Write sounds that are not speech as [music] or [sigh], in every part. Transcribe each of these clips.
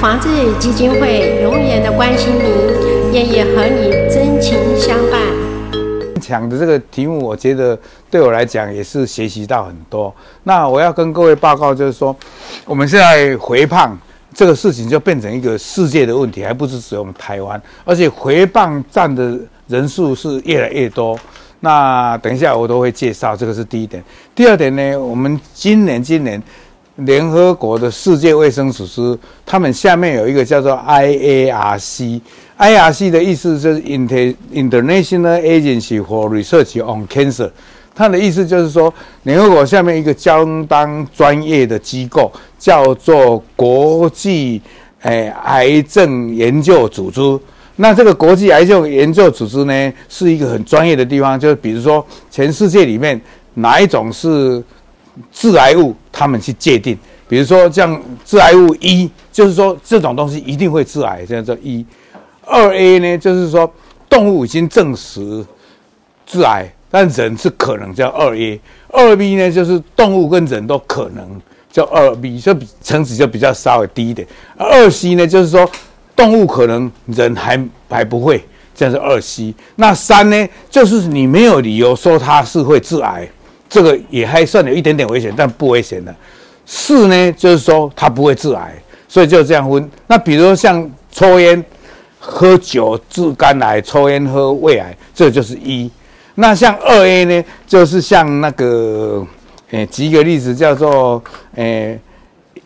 防治基金會永遠的關心您，願意和你真情相伴。講的這個題目，我覺得對我來講也是學習到很多。那我要跟各位報告，就是說，我們現在肥胖這個事情就變成一個世界的問題，還不是只有我們台灣，而且肥胖佔的人數是越來越多。那等一下我都會介紹，這個是第一點。第二點呢，我們今年今年。聯合國的世界衛生組織，他們下面有一個叫做 IARC，IARC 的意思就是 International Agency for Research on Cancer，它的意思就是說，聯合國下面一個相當專業的機構叫做國際誒、欸、癌症研究組織。那這個國際癌症研究組織呢，是一個很專業的地方，就是比如說全世界裡面哪一種是。致癌物，他們去界定，比如說像致癌物一，就是說這種東西一定會致癌，這樣叫一。二 A 呢，就是說動物已經證實致癌，但人是可能叫二 A。二 B 呢，就是動物跟人都可能叫二 B，這層次就比較稍微低一點。二 C 呢，就是說動物可能，人還還不會，這樣是二 C。那三呢，就是你沒有理由說它是會致癌。這個也還算有一點點危險，但不危險的。四呢，就是說它不會致癌，所以就這樣分。那比如像抽菸、喝酒致肝癌，抽菸喝胃癌，這個就是一。那像二 a 呢，就是像那個，誒，舉個例子叫做，誒，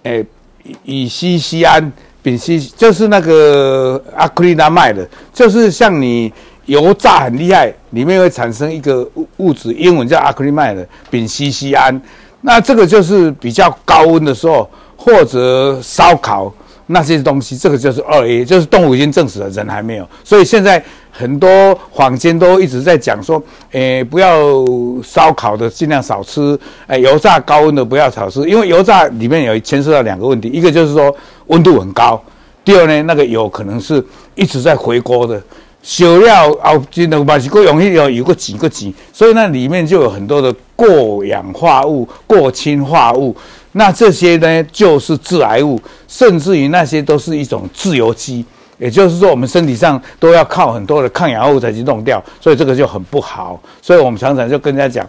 誒，乙乙烯酰胺、丙烯，就是那個 acrylamide，就是像你油炸很厲害。裡面會產生一個物物質，英文叫 acrylamide 丙烯酰胺那這個就是比較高溫的時候，或者燒烤那些東西，這個就是二 A，哦欸、就是動物已經證實了，人還沒有。所以現在很多坊間都一直在講說，誒、欸，不要燒烤的，盡量少吃，誒、欸，油炸高溫的不要少吃，因為油炸裡面有牽涉到兩個問題，一個就是說溫度很高，第二呢，那個油可能是一直在回鍋的。小料真的是有有個幾個幾，所以那裡面就有很多的過氧化物、過氫化物，那這些呢就是致癌物，甚至於那些都是一種自由基。也就是說，我們身體上都要靠很多的抗氧化物才去弄掉，所以這個就很不好。所以我們常常就跟人家講：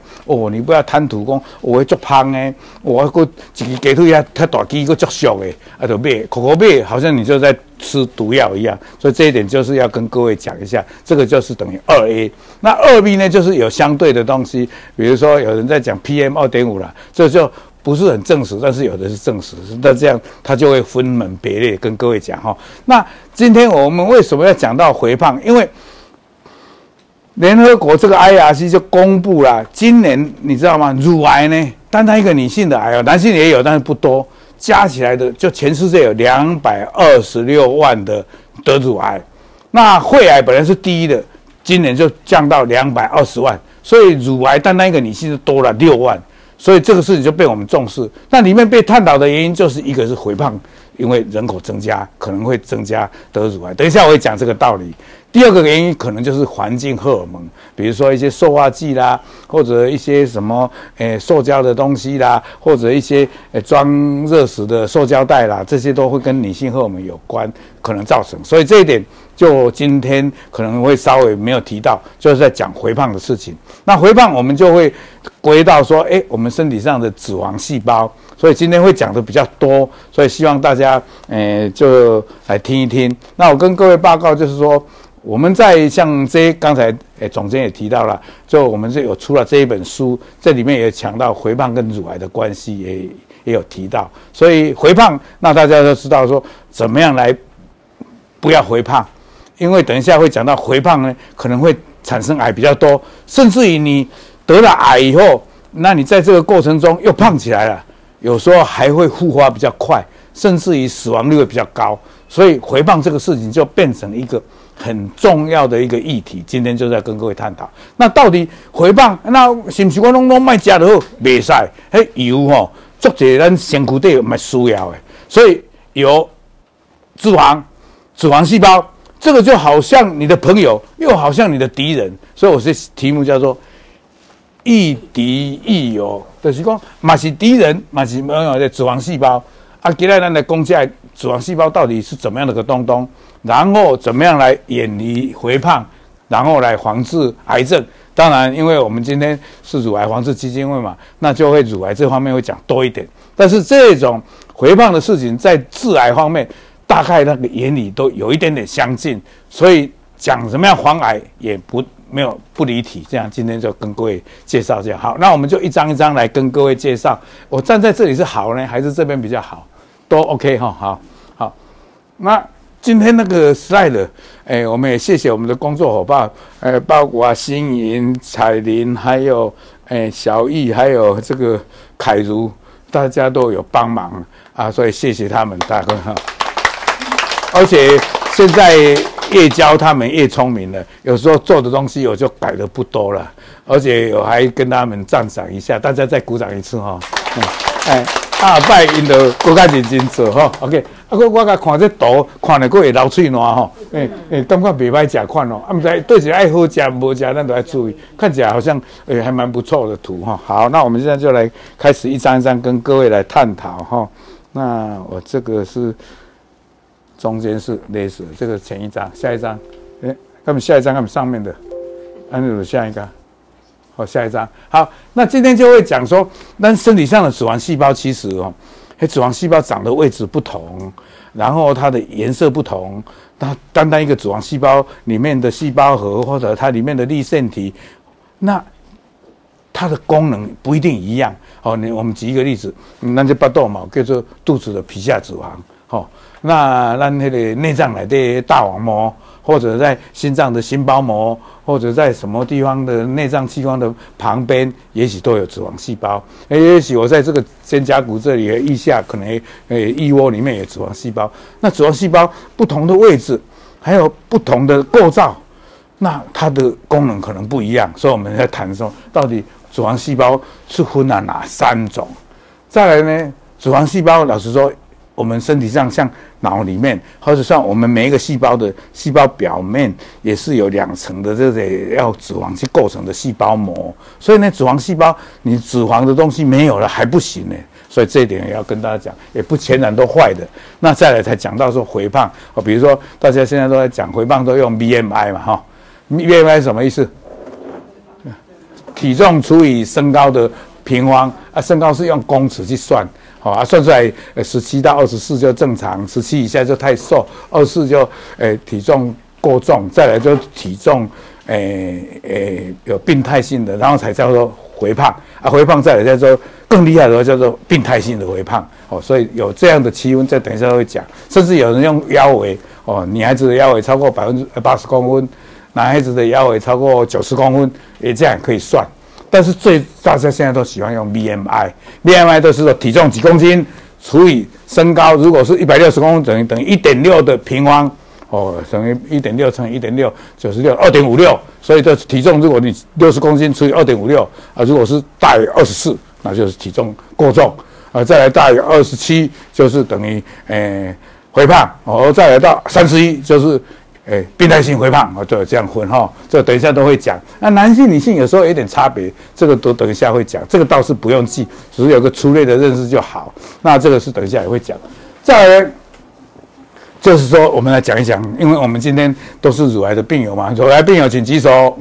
哦，你不要貪圖功，我會做胖的；我會自己雞腿也太大機會做小的，啊得買，買。好像你就在吃毒藥一樣。所以這一點就是要跟各位講一下，這個就是等於二 a。那二 b 呢，就是有相對的東西，比如說有人在講 PM 二點五了，這個、就。不是很證實，但是有的是證實。那這樣他就會分門別類跟各位講哈。那今天我們為什麼要講到肥胖？因為聯合國這個 IARC 就公布了，今年你知道嗎？乳癌呢，單單一個女性的癌喔，男性也有，但是不多。加起來的，就全世界有兩百二十六萬的得乳癌。那肺癌本來是第一的，今年就降到兩百二十萬。所以乳癌單單一個女性就多了六萬。所以這個事情就被我們重視，那裡面被探討的原因就是一個是肥胖，因為人口增加可能會增加得乳癌，等一下我會講這個道理。第二個原因可能就是環境荷爾蒙，比如說一些塑化劑啦，或者一些什麼誒、欸、塑膠的東西啦，或者一些裝熱、欸、食的塑膠袋啦，這些都會跟女性荷爾蒙有關，可能造成。所以這一點就今天可能會稍微沒有提到，就是在講肥胖的事情。那肥胖我們就會歸到說，誒、欸，我們身體上的脂肪細胞，所以今天會講得比較多，所以希望大家誒、欸、就來聽一聽。那我跟各位報告就是說。我們在像這剛才誒，總監也提到了，就我們這有出了這一本書，這裡面也講到肥胖跟乳癌的關係，也也有提到。所以肥胖，那大家都知道說怎麼樣來不要肥胖，因為等一下會講到肥胖呢，可能會產生癌比較多，甚至於你得了癌以後，那你在這個過程中又胖起來了，有時候還會復發比較快，甚至於死亡率會比較高。所以肥胖這個事情就變成一個。很重要的一個議題，今天就在跟各位探討。那到底肥胖，那是不是我攏賣假的？未使，嘿、欸、油吼，做這咱辛苦對蠻需要的。所以油、脂肪、脂肪細胞，這個就好像你的朋友，又好像你的敵人。所以我的題目叫做“亦敵亦友”就是講。嘛，是敵人？嘛，是朋友？脂肪細胞啊？接下來呢，攻擊脂肪細胞到底是怎麼樣的個東東？然後怎麼樣來遠離肥胖，然後來防治癌症？當然，因為我們今天是乳癌防治基金會嘛，那就會乳癌這方面會講多一點。但是這種肥胖的事情在致癌方面，大概那個原理都有一點點相近，所以講什麼樣防癌也不沒有不離題。這樣今天就跟各位介紹這樣。好，那我們就一張一張來跟各位介紹。我站在這裡是好呢，還是這邊比較好？都 OK 哈、哦。好，好，那。今天那個 slide，、哎、我們也謝謝我們的工作伙伴，包括新穎、彩玲，還有、哎、小易，還有這個凱如，大家都有幫忙啊，所以謝謝他們，大家哈、嗯。而且現在越教他們越聰明了，有時候做的東西我就改的不多了，而且我還跟他們讚賞一下，大家再鼓掌一次哈、哦，嗯哎下、啊、拜因就更加認真做哈，OK。啊，我我甲看這圖，看咧佫會流喙水咯吼。誒、欸、誒，感覺袂歹，食款哦，啊，毋知對是愛好食毋好食，咱都愛注意。看起來好像誒、欸，還蠻不錯的圖哈、哦。好，那我們現在就來開始一張一張跟各位來探討哈、哦。那我這個是中間是類似這個前一張、下一張。誒、欸，看我下一張，看上面的，按、啊、鈕下一個。好、哦，下一張好，那今天就會講說，那身體上的脂肪細胞其實哦，那脂肪細胞長的位置不同，然後它的顏色不同，那單單一個脂肪細胞裡面的細胞核或者它裡面的粒線體，那它的功能不一定一樣。好、哦，你我們舉一個例子，那就這肚子嘛叫做肚子的皮下脂肪，好、哦，那咱那個內臟來的大網膜，或者在心臟的心包膜，或者在什麼地方的內臟器官的旁邊，也許都有脂肪細胞。也許我在這個肩胛骨這裡的腋下，可能哎腋窩裡面有脂肪細胞。那脂肪細胞不同的位置，還有不同的構造，那它的功能可能不一樣。所以我們在談說，到底脂肪細胞是分了哪三種？再來呢，脂肪細胞老實說。我們身體上，像腦裡面，或者像我們每一個細胞的細胞表面，也是有兩層的這要脂肪去構成的細胞膜。所以呢，脂肪細胞，你脂肪的東西沒有了還不行呢、欸。所以這一點也要跟大家講，也不全然都壞的。那再來才講到說肥胖，啊、哦，比如說大家現在都在講肥胖，都用 BMI 嘛，哈、哦、BMI 是什麼意思、啊？體重除以身高的平方，啊，身高是用公尺去算。好啊，算出來，呃，十七到二十四就正常，十七以下就太瘦，二十四就，誒、欸，體重過重，再來就體重，誒、欸、誒、欸，有病態性的，然後才叫做肥胖啊，肥胖再來再說，更厲害的話叫做病態性的肥胖，哦，所以有這樣的區分，再等一下會講，甚至有人用腰圍，哦，女孩子的腰圍超過百分之八十公分，男孩子的腰圍超過九十公分，誒，這樣可以算。但是最大家現在都喜歡用 BMI，BMI 都 BMI 是說，體重幾公斤除以身高，如果是一百六十公分等於等於一點六的平方，哦，等於一點六乘以一點六九十六，二點五六。所以這體重，如果你六十公斤除以二點五六啊，如果是大於二十四，那就是體重過重啊，再來大於二十七就是等於誒肥胖哦，再來到三十一就是。哎，病態性肥胖啊，都有這樣混，哈、哦，這等一下都會講。那男性、女性有時候有點差別，這個都等一下會講。這個倒是不用記，只是有個粗略的認識就好。那這個是等一下也會講。再來，就是說我們來講一講，因為我們今天都是乳癌的病友嘛，乳癌病友請舉手。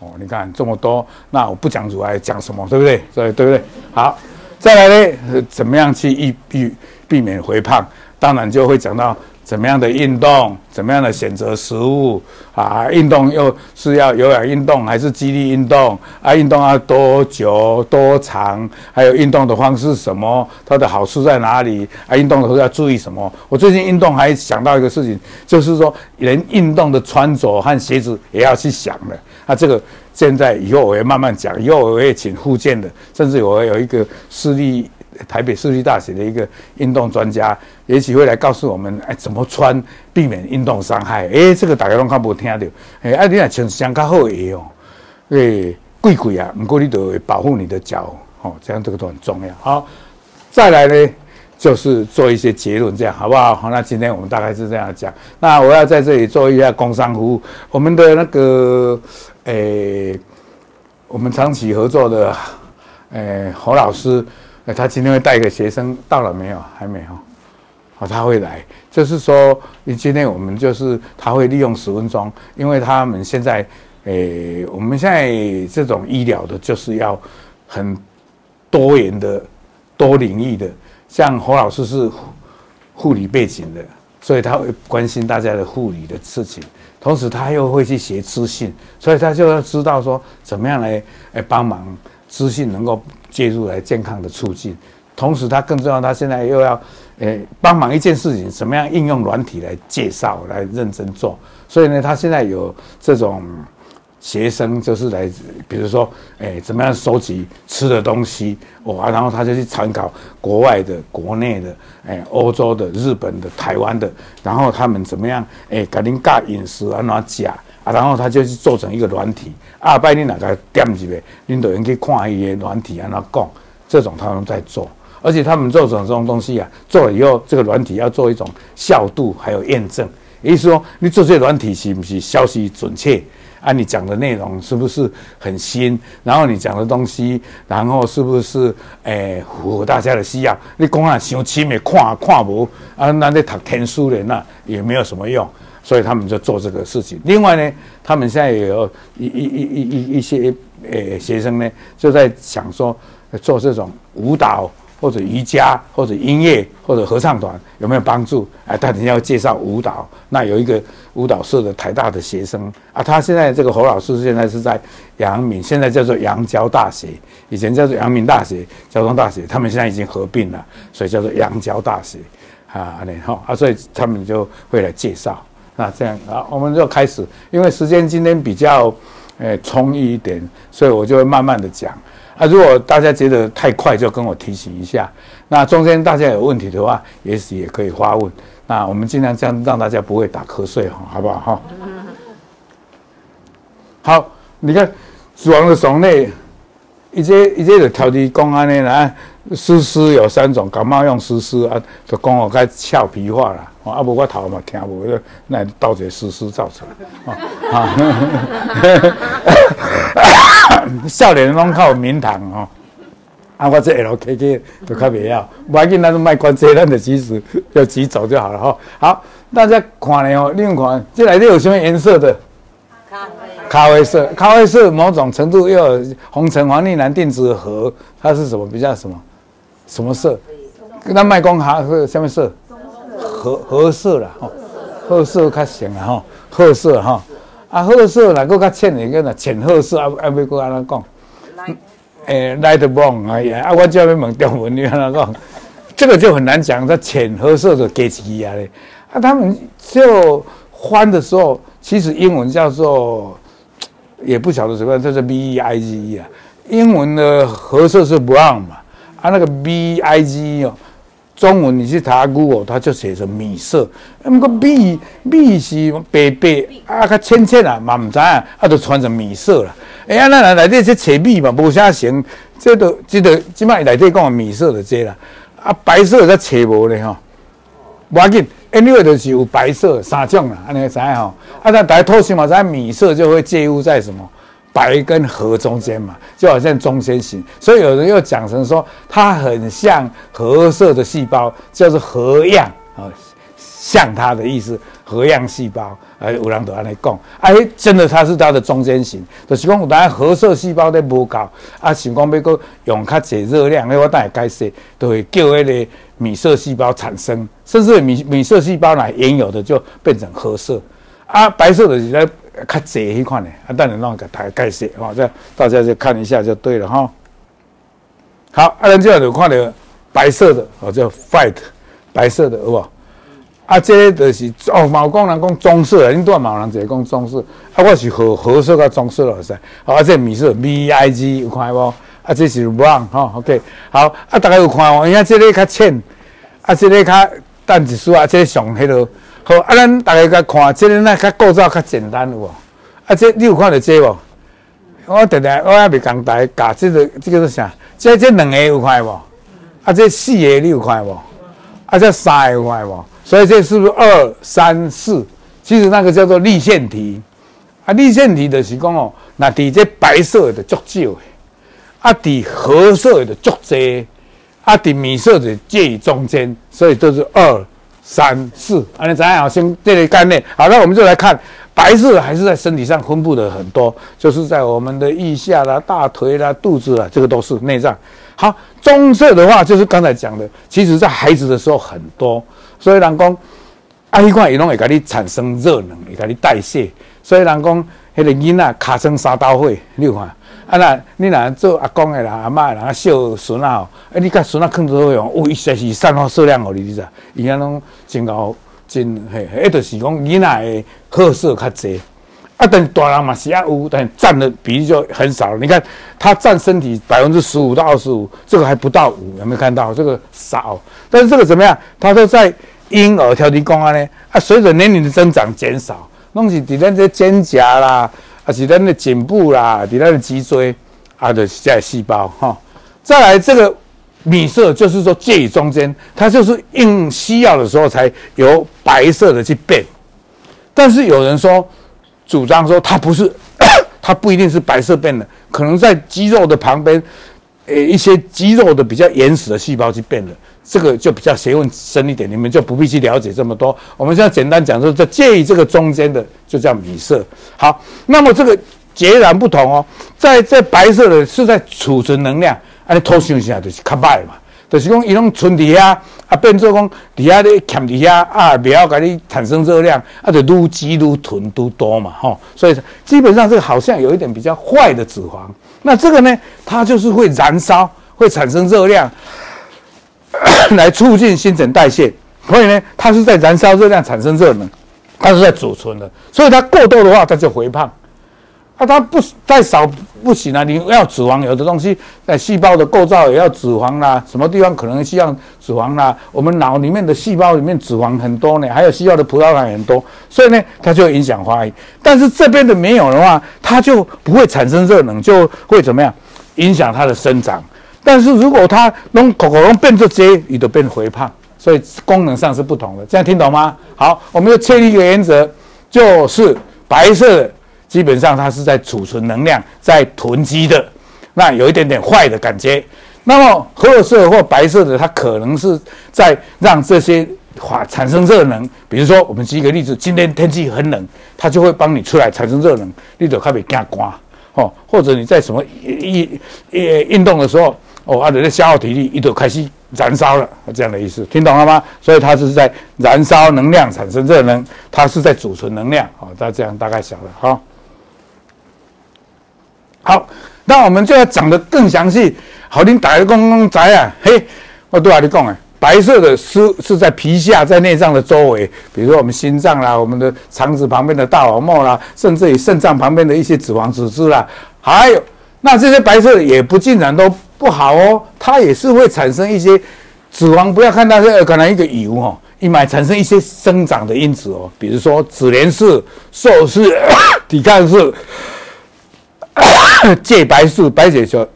哦，你看這麼多，那我不講乳癌，講什麼？對不對？所以對不對？好，再來呢，呃、怎麼樣去避、避免肥胖？當然就會講到。怎麼樣的運動，怎麼樣的選擇食物啊？運動又是要有氧運動還是肌力運動啊？運動要多久、多長？還有運動的方式什麼？它的好處在哪裡？啊，運動的時候要注意什麼？我最近運動還想到一個事情，就是說，連運動的穿着和鞋子也要去想了。啊，這個現在以後我會慢慢講，以後我會請附件的，甚至我會有一個視力。台北市立大學的一個運動專家，也許會來告訴我們：哎、欸，怎麼穿避免運動傷害？哎、欸，這個大家都聽不到。對、欸，哎、啊，你啊穿相較好個哦，哎、欸，貴貴啊，不過你得保護你的腳哦、喔，這樣這個都很重要。好，再來呢，就是做一些結論，這樣好不好？好，那今天我們大概是這樣講。那我要在這裡做一下工商服務，我們的那個，哎、欸，我們長期合作的，哎、欸，侯老師。那、呃、他今天會帶一個學生到了沒有？還沒有，好、哦、他會來。就是說，你今天我們就是他會利用十分鐘，因為他們現在，誒、欸，我們現在這種醫療的就是要很多元的、多領域的。像侯老師是護理背景的，所以他會關心大家的護理的事情，同時他又會去寫資訊，所以他就要知道說怎麼樣來來幫、欸、忙。資訊能夠介入來健康的促進，同時他更重要，他現在又要，誒、欸、幫忙一件事情，怎麼樣應用軟體來介紹來認真做？所以呢，他現在有這種學生，就是來，比如說，誒、欸、怎麼樣收集吃的東西，哇，然後他就去參考國外的、國內的、誒、欸、歐洲的、日本的、台灣的，然後他們怎麼樣，誒，格林咖飲食啊拿甲。啊，然後他就是做成一個軟體，啊，拜你哪個點是唄，領導人去看伊個軟體，然後講，這種他們在做，而且他們做成這種東西啊，做了以後，這個軟體要做一種效度，還有驗證，也就是說，你做這個軟體是不是消息準確？啊，你講的內容是不是很新，然後你講的東西，然後是不是誒符合大家的需要？你講話想聽沒看，看不啊，那你讀天書的那也沒有什麼用。所以他們就做這個事情。另外呢，他們現在也有一、一、一、一、一一些誒、欸、學生呢，就在想說做這種舞蹈或者瑜伽或者音樂或者合唱團有沒有幫助？啊，他等下要介紹舞蹈。那有一個舞蹈社的台大的學生啊，他現在這個侯老師現在是在陽明，現在叫做陽交大學，以前叫做陽明大學、交通大學，他們現在已經合併了，所以叫做陽交大學啊。然後啊，所以他們就會來介紹。那這樣啊，我們就開始，因為時間今天比較、欸，充裕一點，所以我就會慢慢的講。啊，如果大家覺得太快，就跟我提醒一下。那中間大家有問題的話，也許也可以發問。那我們盡量這樣，讓大家不會打瞌睡，好不好？哈、哦。 [laughs] 好，你看，往的上內，一些一些的調理公安的絲絲有三種，感冒用絲絲啊，就講我該俏皮話啦。啊，不，我頭嘛聽唔到，那到底絲絲造成？啊，哈哈哈，哈哈哈哈哈。少年攏靠明堂哦。啊，我這 L K K 起就較未要，唔要緊，那就賣關子，讓你及時要急走就好了哈、哦。好，大家看咧哦，另看，這裡底有什麼顏色的？咖啡，咖啡色，咖啡色,色某種程度又有紅橙黃綠藍靛紫和，它是什麼？比較什麼？什麼色？他賣講下是什米色？褐色啦，褐色了，褐色較深了哈，褐色哈。啊，褐色哪個較淺？你看那淺褐色，阿阿尾個安怎講？誒、欸，light brown 啊呀！啊，我就要問中文的安怎講？這個就很難講。這淺褐色的 geese 啊啊，他們就翻的時候，其實英文叫做也不曉得什麼，這是 beige 啊。英文的褐色是 brown 嘛？啊，那個 BIG 哦，中文你去查 Google 哦，他就寫着米色。那麼 BB 是白白啊，較淺淺啊，嘛唔知啊，啊就穿着米色了。哎呀，那內內底去找米嘛，無啥型，這都這都即擺內底講米色就個了。啊，白色再找無了吼，無要緊，因為就是有白色三種啦，安尼知吼。啊，但大家托心嘛知，米色就會介入在什麼？白跟褐中間嘛，就好像中間型，所以有人又講成說它很像褐色的細胞，就是褐樣啊、哦，像它的意思，褐樣細胞。哎、啊，吳郎德阿來真的它是它的中間型。都講我講褐色細胞都無搞，啊，想講那擱用較濟熱量，那我等然解釋，都會叫那個米色細胞產生，甚至米米色細胞呢原有的就變成褐色，啊，白色的來。較濟迄款嘞，啊，等下我給大家解釋，好、哦，這大家就看一下就對了吼、哦。好，啊，咱這裡有看到白色的，好、哦、叫 fight 白色的，好不？啊，這個、就是哦，毛工人講棕色，因都毛人就只講棕色，啊，我是合合色加棕色咯噻。好、哦，啊，這個、米色 V I G 有看不？啊，這個、是 brown 哈、哦，OK。好，啊，大家有看，我因這個較淺，啊，這個較淡紫色，啊，這上迄個。那個好，啊，咱、啊、大家甲看，看，即個那較構造較簡單有無？啊，即你有看到即無？我定定，我阿未講，大家甲即、這個，即、這個是啥？即即兩個有塊無？啊，即四個有塊無？啊，即三個有塊無？所以這是不是二三四？其實那個叫做粒線體。啊，粒線體就是講哦，那底即白色的足少哦，啊底褐色的足濟，啊底米色的介於中間，所以都是二。三四，啊你怎樣？好先建立概念。好，那我們就來看，白色還是在身體上分布的很多，就是在我們的腋下啦、大腿啦、肚子啊，這個都是內臟。好，棕色的話就是剛才講的，其實在孩子的時候很多，所以人講啊，你看，伊攏會給你產生熱能，也給你代謝，所以人講迄、那個囡仔卡成三刀會你有看。啊那，你那做阿公誒人、阿嬤誒人的、小孫哦，啊你甲孫啊啃做用，哦，一些是脂肪數量哦，你知道，伊啊攏真厚，真嘿，誒，就是講囡仔誒褐色較儕，啊，但是大人嘛是啊，有，但占的比例就很少。你看，他占身體百分之十五到二十五，這個還不到五，有沒有看到？這個少，但是這個怎麼樣？他都在嬰兒、調皮、公安呢，啊，隨着年齡的增長減少，弄起底咱這肩胛啦。啊，是咱的頸部啦，你那個脊椎，啊這些，的在細胞哈。再來這個米色，就是說介於中間，它就是硬需要的時候才由白色的去變。但是有人說，主張說它不是，它不一定是白色變的，可能在肌肉的旁邊，呃、欸，一些肌肉的比較原始的細胞去變的。這個就比較學問深一點，你們就不必去了解這麼多。我們現在簡單講說，就介於這個中間的，就叫米色。好，那麼這個截然不同哦，在在白色的是在儲存能量，安尼拖上一下就是較壞嘛，就是說一種純底下啊，變做講底下的鉗底下啊，不要搿啲產生熱量啊，就愈雞愈囤愈多嘛，吼。所以基本上是好像有一點比較壞的脂肪。那這個呢，它就是會燃燒，會產生熱量。 [coughs] 來促進新陳代謝，所以呢，它是在燃燒熱量，產生熱能，它是在儲存的，所以它過多的話，它就肥胖。啊，它不，太少不行啊，你要脂肪，有的東西在細胞的構造也要脂肪啦，什麼地方可能需要脂肪啦？我們腦裡面的細胞裡面脂肪很多呢，還有需要的葡萄糖也很多，所以呢，它就影響發育。但是這邊的沒有的話，它就不會產生熱能，就會怎麼樣？影響它的生長。但是如果它弄口口能變作接，你都變肥胖，所以功能上是不同的，這樣聽懂嗎？好，我們要確立一個原則，就是白色的基本上它是在儲存能量，在囤積的，那有一點點壞的感覺。那麼褐色或白色的，它可能是在讓這些化產生熱能。比如說，我們舉一個例子，今天天氣很冷，它就會幫你出來產生熱能，你都開被加刮哦。或者你在什麼一一運動的時候。哦，它的消耗體力，一度開始燃燒了，這樣的意思，聽懂了嗎？所以它就是在燃燒能量，產生熱能，它是在儲存能量。哦，大家這樣大概曉得哈、哦。好，那我們就要講得更詳細。好，聽打個公公仔啊，嘿，我都要你講哎，白色的是是在皮下，在內臟的周圍，比如說我們心臟啦，我們的腸子旁邊的大網膜啦，甚至於腎臟旁邊的一些脂肪組織啦，還有那這些白色的也不盡然都。不好哦，它也是會產生一些脂肪。子不要看它是可能一個油哦，一買產生一些生長的因子哦，比如說脂聯素、瘦素、抵抗素、介、呃、白素、白血球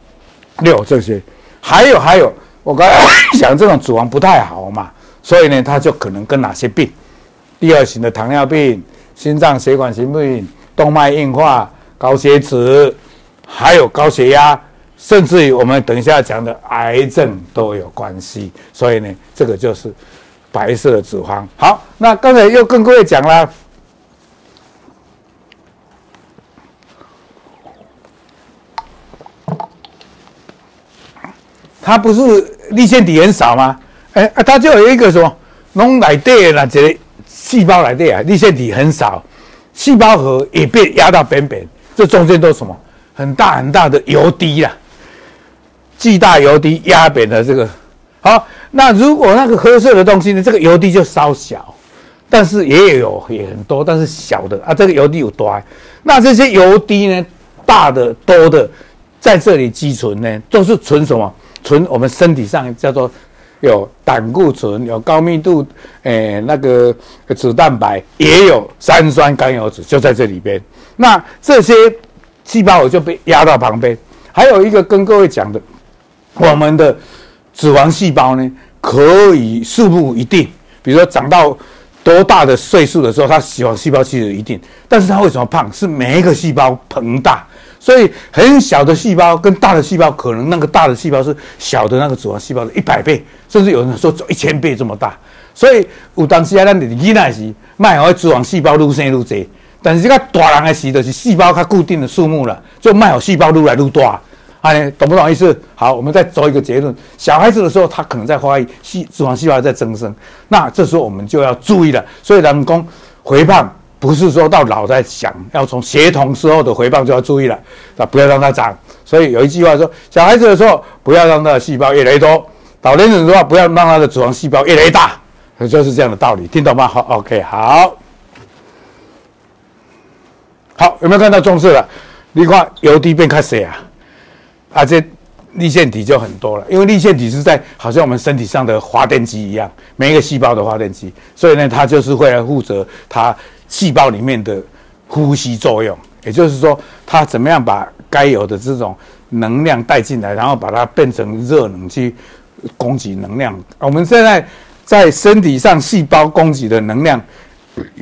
六這些，還有還有，我剛才想這種脂肪不太好嘛，所以呢，它就可能跟哪些病？第二型的糖尿病、心臟血管疾病、動脈硬化、高血脂，還有高血壓。甚至於我們等一下講的癌症都有關係，所以呢，這個就是白色的脂肪。好，那剛才又跟各位講啦，它不是粒線體很少嗎？哎、欸啊、它就有一個什麼龍來袋啦，這細胞來袋啊，粒線體很少，細胞核也被壓到扁扁，這中間都什麼很大很大的油滴啦。巨大油滴壓扁的這個好，那如果那個褐色的東西呢，這個油滴就稍小，但是也有，也很多，但是小的啊，這個油滴有多？那這些油滴呢，大的多的在這裡積存呢，都是存什麼？存我們身體上叫做有膽固醇，有高密度誒、欸、那個脂蛋白，也有三酸甘油酯，就在這裡邊。那這些細胞我就被壓到旁邊，還有一個跟各位講的。我們的脂肪細胞呢，可以數目一定，比如說長到多大的歲數的時候，它脂肪細胞其實一定，但是它為什麼胖？是每一個細胞膨大，所以很小的細胞跟大的細胞，可能那個大的細胞是小的那個脂肪細胞的一百倍，甚至有人說做一千倍這麼大。所以有當時啊，咱的囡仔時，麥好脂肪細胞愈生愈多，但是個大人的時的，就是細胞它固定的數目了，就麥好細胞愈來愈大。哎、啊，懂不懂意思？好，我們再做一個結論。小孩子的時候，他可能在發育，細脂肪細胞在增生，那這時候我們就要注意了。所以，人工肥胖不是說到老在想要從協同時候的回胖就要注意了，那不要讓它長。所以有一句話說，小孩子的時候不要讓他的細胞越來越多，老年人的話不要讓他的脂肪細胞越來越大，就是這樣的道理。聽懂嗎？好，OK，好，好，有沒有看到重視了？你看由低變開始啊。啊，這粒線體就很多了，因為粒線體是在好像我們身體上的發電機一樣，每一個細胞的發電機，所以呢，它就是會來負責它細胞裡面的呼吸作用，也就是說，它怎麼樣把該有的這種能量帶進來，然後把它變成熱能去供給能量。我們現在在身體上細胞供給的能量。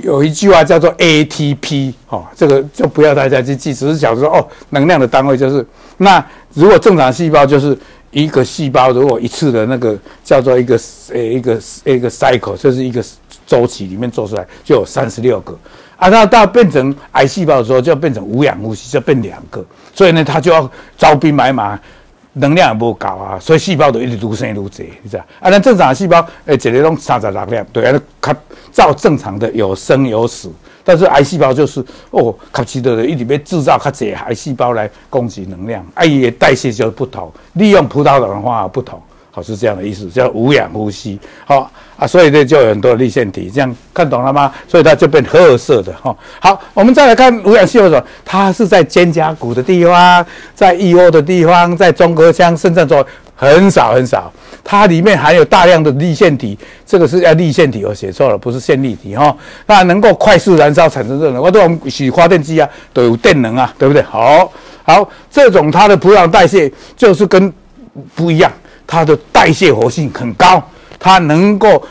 有一句話叫做 ATP 哈、哦，這個就不要大家去記，只是想說哦，能量的單位就是。那如果正常細胞就是一個細胞，如果一次的那個叫做一個呃、欸、一個一個 cycle，就是一個週期裡面做出來就有三十六個啊。那到，到變成癌細胞的時候，就要變成無氧呼吸，就變兩個，所以呢，它就要招兵買馬。能量也不高啊，所以細胞都一直如生如死，是啊。而正常的細胞，誒，一日攏三十熱量，對，它照正常的有生有死。但是癌細胞就是，哦，它其多的一直被製造它這癌細胞來供給能量，哎、啊，也代謝就不同，利用葡萄糖的方法不同。好，是這樣的意思，叫無氧呼吸。好、哦、啊，所以呢，就有很多粒線體，這樣看懂了嗎？所以它就變褐色的哈、哦。好，我們再來看無氧細什麼，它是在肩胛骨的地方，在腋窩的地方，在中隔腔，甚至說很少很少。它裡面含有大量的粒線體，這個是要粒線體哦，我寫錯了，不是線粒體哈、哦。那能夠快速燃燒產生熱量，我我們洗發電機啊，都有電能啊，對不對？好、哦、好，這種它的葡萄糖代謝就是跟不一樣。它的代謝活性很高，它能夠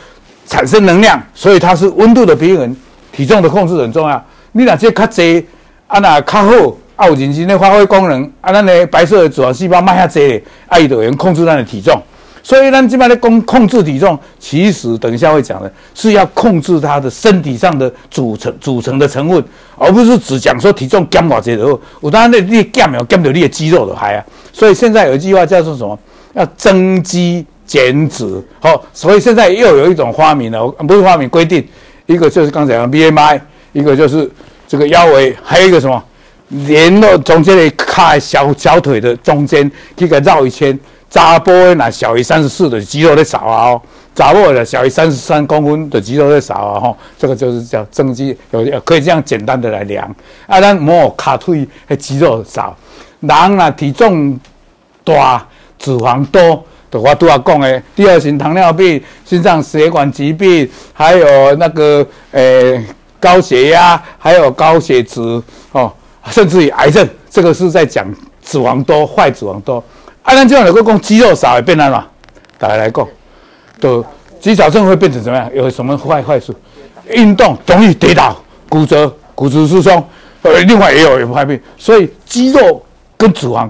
產生能量，所以它是溫度的平衡，體重的控制很重要。你哪些卡儕啊？哪卡好啊？有認真咧發揮功能啊？那咧白色的脂肪細胞賣遐儕，啊，伊就用控制他的體重。所以咱這邊的控控制體重，其實等一下會講的，是要控制他的身體上的組成組成的成分，而不是只講說體重減偌儕的。我當然咧，你減要減到你的肌肉都還啊。所以現在有一句話叫做什麼？要增肌減脂，好、哦，所以現在又有一種發明了，不是發明規定，一個就是剛才講 BMI，一個就是這個腰圍，還有一個什麼，連絡從這裡看小小腿的中間，這個繞一圈，查埔呢小於三十四的肌肉、啊哦、的少啊，查某呢小於三十三公分的肌肉的少啊，哦，這個就是叫增肌，有可以這樣簡單的來量，啊，咱摸卡腿的肌肉少，然後呢體重多。脂肪多，就我都要講的，第二型糖尿病、心臟血管疾病，還有那個誒、欸、高血壓，還有高血脂哦，甚至於癌症，這個是在講脂肪多壞脂肪多。按南教授有個肌肉少也變難了，大家來講，肌肉少會變成什麼樣？有什麼壞壞處？運動容易跌倒、骨折、骨質疏鬆，呃，另外也有有壞病，所以肌肉跟脂肪。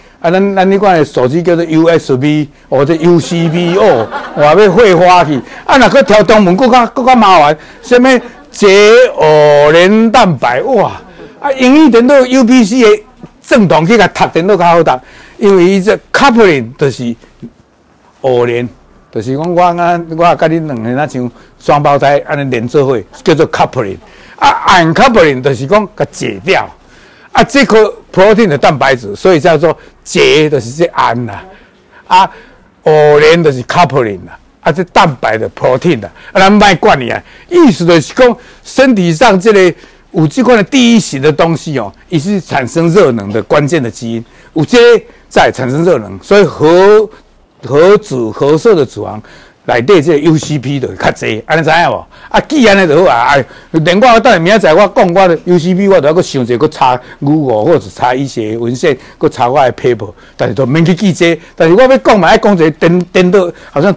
啊，咱咱那款誒手機叫做 USB 或者 UCB 二，我要會花去。啊，若去調東門，擱較擱較麻煩。啥物解偶聯蛋白哇？啊，英語電腦 UPC 誒振動去甲讀電腦較好讀，因為伊這 coupling 著是偶聯，著、就是講我啊，我甲你兩個若像雙胞胎安尼連做伙，叫做 coupling。啊，uncoupling 著是講甲解掉。啊，這個 protein 的蛋白質，所以叫做結的、就是這氨吶、啊，啊，偶聯的是 coupling 啊，啊，這蛋白的 protein 啊，來賣概你。啊，意思的是說，身體上這類五 G 線的第一型的東西哦，也是產生熱能的關鍵的基因，五 G 在產生熱能，所以核核子、核素的脂肪。合組合內底即個 UCP 會較濟，安尼知影無？啊記安尼就好啊！哎，連外我等下明仔載我講我的 UCP，我哆還閣想一下，閣查牛五或者是查一些文獻，閣查我的 paper。但是都免去記這個，但是我要講嘛，愛講些登登到好像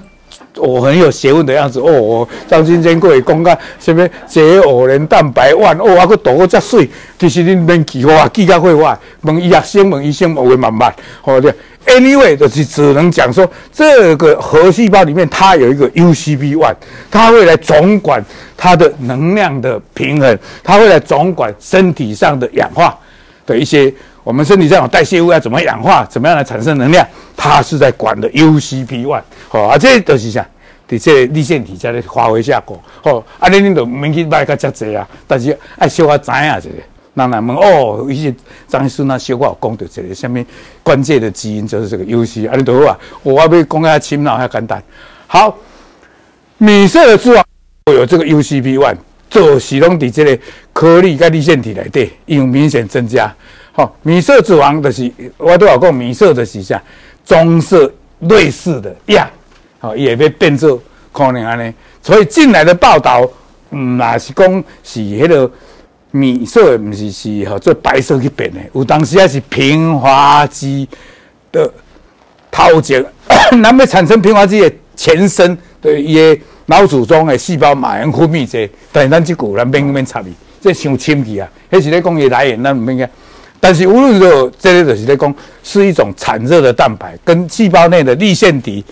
我、哦、很有學問的樣子哦我。張金堅閣會講個什麼？解偶聯蛋白萬哦，啊、還閣圖閣遮水。其實你免記我話記甲過我問醫生問醫生，我會慢問好的。哦 Anyway，就是只能講說，這個核細胞裡面它有一個 UCP1，它會來總管它的能量的平衡，它會來總管身體上的氧化的一些，我們身體上有代謝物要怎麼氧化，怎麼樣來產生能量，它是在管的 UCP1。吼，啊，這都是啥？在這些粒線體在發揮效果。好、哦，啊，恁你都唔免去買咁多濟啊，但是要愛稍知下知啊，這那人們哦，以些張醫生那小可講到一、這個什麼關鍵的基因，就是這個 UC。安尼都好啊，我阿要講下淺了下簡單。好，米色的脂肪會有這個 UCP1，做集中在這個顆粒鈣粒腺體裡底，有明顯增加。好、哦，米色脂肪的是，我多少講米色的是像棕色類似的呀，好、yeah, 哦，也會變做，可能安尼。所以近來的報道，嗯，也是講是迄、那個。米色的不是是吼做白色去變的，有當時也是平滑肌的套結，那麼產生平滑肌的前身對的伊個老祖宗的細胞馬鞍分泌者、這個，但是咱只股人免免擦伊，這傷神奇啊！迄是咧講伊來源，咱唔應該。但是無論如何，這個就是咧講是一種產熱的蛋白，跟細胞內的粒線體。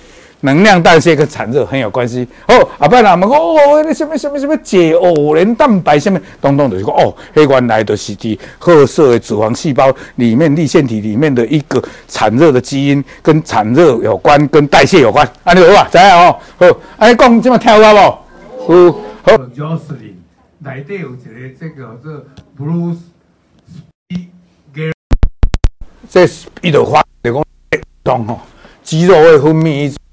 能量代謝跟產熱很有關係。哦，阿伯他們說哦，那什麼什麼什麼解偶聯蛋白，什麼東東的，就哦，嘿，原來的是第褐色的脂肪細胞裡面粒線體裡面的一個產熱的基因，跟產熱有關，跟代謝有關。啊，你懂吧？這樣好。哎，講這麼跳了不？好。Johnson 內底有一個這個叫 Bruce Spiegel 這是伊都發，Bruce, 就講，當吼肌肉會分泌一。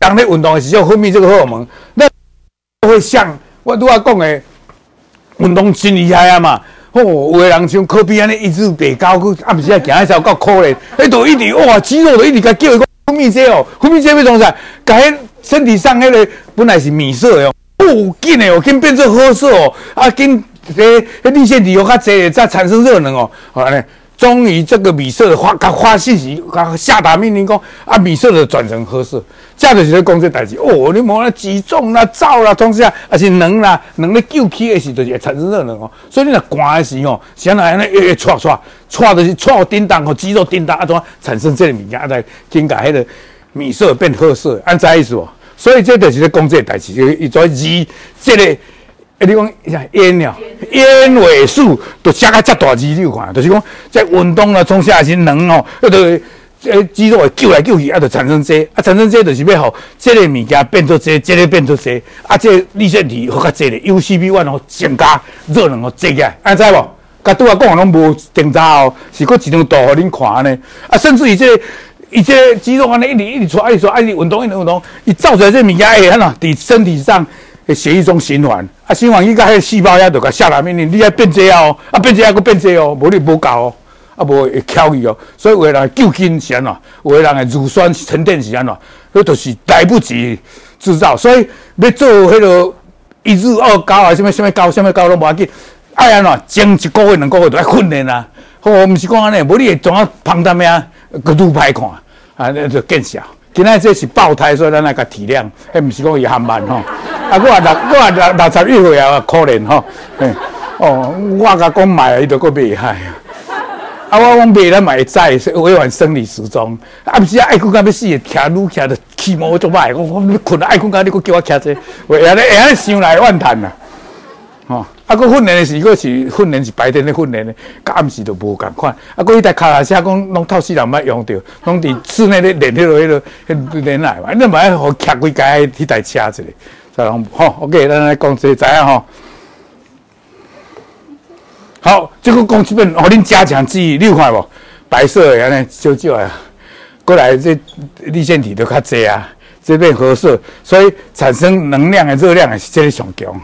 當你運動的時候，分泌這個荷爾蒙，那會像我拄啊講的，運動真厲害啊嘛！吼，有的人像科比安尼，一直白高去，暗時來行一招夠酷嘞。哎，都一直哇，肌肉都一直甲叫伊講分泌劑哦，分泌劑咪東啊？甲迄身體上迄個本來是米色的哦，哦，緊嘞哦，緊變成褐色哦，啊，跟個迄立腺體又較儕，才產生熱能哦，好安尼。終於，這個米色的發發信息，發下達命令，講啊，米色的轉成褐色，這樣子就講這個代志。哦，你摸那集中啦、啊、燥啦東西啊，還是冷啦、啊，冷咧救起的時候就是會產生熱能哦。所以你若寒的時候，先、哦、來安尼躍躍踹踹，踹就是踹我叮當，我肌肉叮當，啊種產生這個物件，啊才增加那個米色變褐色，安、啊、在意思哦。所以這就是講這個代志，伊在熱這個。誒、欸喔，你講像煙鳥、煙尾樹都食甲遮大隻，你有看？就是講在運動啊，創下一身軟哦，啊，就誒肌肉會救來救去，啊，就產生這，啊，產生這，就是要吼，這個物件變做這，這個變做這，啊，這新陳代謝好卡濟咧，UCP one 吼增加熱能吼積個，安在無？甲拄下講攏無掙扎哦，是過一張圖互恁看呢？啊，甚至於這，伊這肌肉安、啊、尼一直一,一直出，哎理說哎理運動一直運動，伊造出來這物件會安怎？對、欸、身體上。血一種循環，啊，循環伊個迄個細胞也得個下來面你愛變多哦，啊，變多還佫變多哦，無你無搞哦，啊，無會翹伊哦。所以話來救安怎，有的人來乳酸沉澱時間咯，佮就是來不及製造。所以要做迄號一日二高啊，什麼甚麼高，甚麼高攏無要緊。哎安怎，整一個月、兩個月都要訓練啦。吼、哦、毋是講安尼，無你會怎啊碰達咩啊？佮女歹看，啊，就見效。今仔這是爆胎，所以咱來甲體諒，迄毋是講伊憨慢吼。哦啊！我六，我六，六十一歲也可憐吼。嗯，哦、嗯，我甲講賣伊着閣袂害啊！啊，我講賣咱嘛會知，說我一碗生理時鐘，暗時愛睏甲要死，徛路徛着起毛就歹。我講你困啊，愛睏甲你閣叫我徛者，袂啊！會下暗想來，怨嘆啦。吼！啊，閣訓練的時，閣是訓練是白天咧，訓練的，甲暗時着無共款。啊，閣迄台骹踏車講攏透死人歹用着，攏佇室內咧練迄落迄落迄練來嘛，你咪愛互徛規家迄台車者。在講，好，OK，咱來講這知啊，吼。好，OK，好這個共振面，我、哦、恁加強至六塊無？白色遐呢少少啊，過來這粒腺體都較儕啊，這邊褐色，所以產生能量的熱量的是真上強。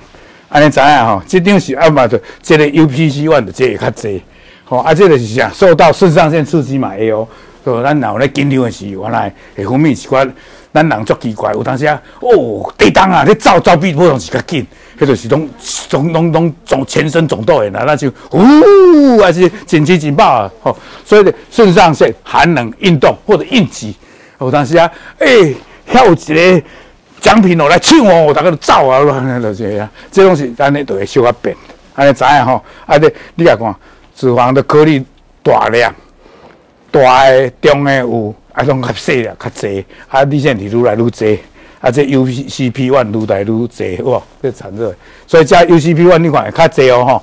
安尼知啊，吼，一定是阿媽的這個 UPC one 的這也較儕，好、這個、啊，這個，這個、哦啊這個、是講受到腎上腺刺激嘛，A O，所以咱然後咧經的是原來內分泌器官。咱人足奇怪，有當時啊，哦，地凍啊，你走走比普通事較緊，迄就是攏攏攏攏總全身總到現啦，那就嗚、哦、還是真急真報啊！吼，所以咧，腎上腺寒冷運動或者應激，有當時啊，誒、欸，還有一個獎品哦，來搶哦，大家都走啊，就是，是我就啊，即種是咱呢都會小可變，安尼知影吼，安尼你來看，脂肪的顆粒大量大的中的有。啊，攏較細粒，較儕，啊，你現在是愈來愈儕，啊，這 U C P one 愈來愈儕，好無？這產熱，所以加 U C P one 你看會較儕哦，吼、哦，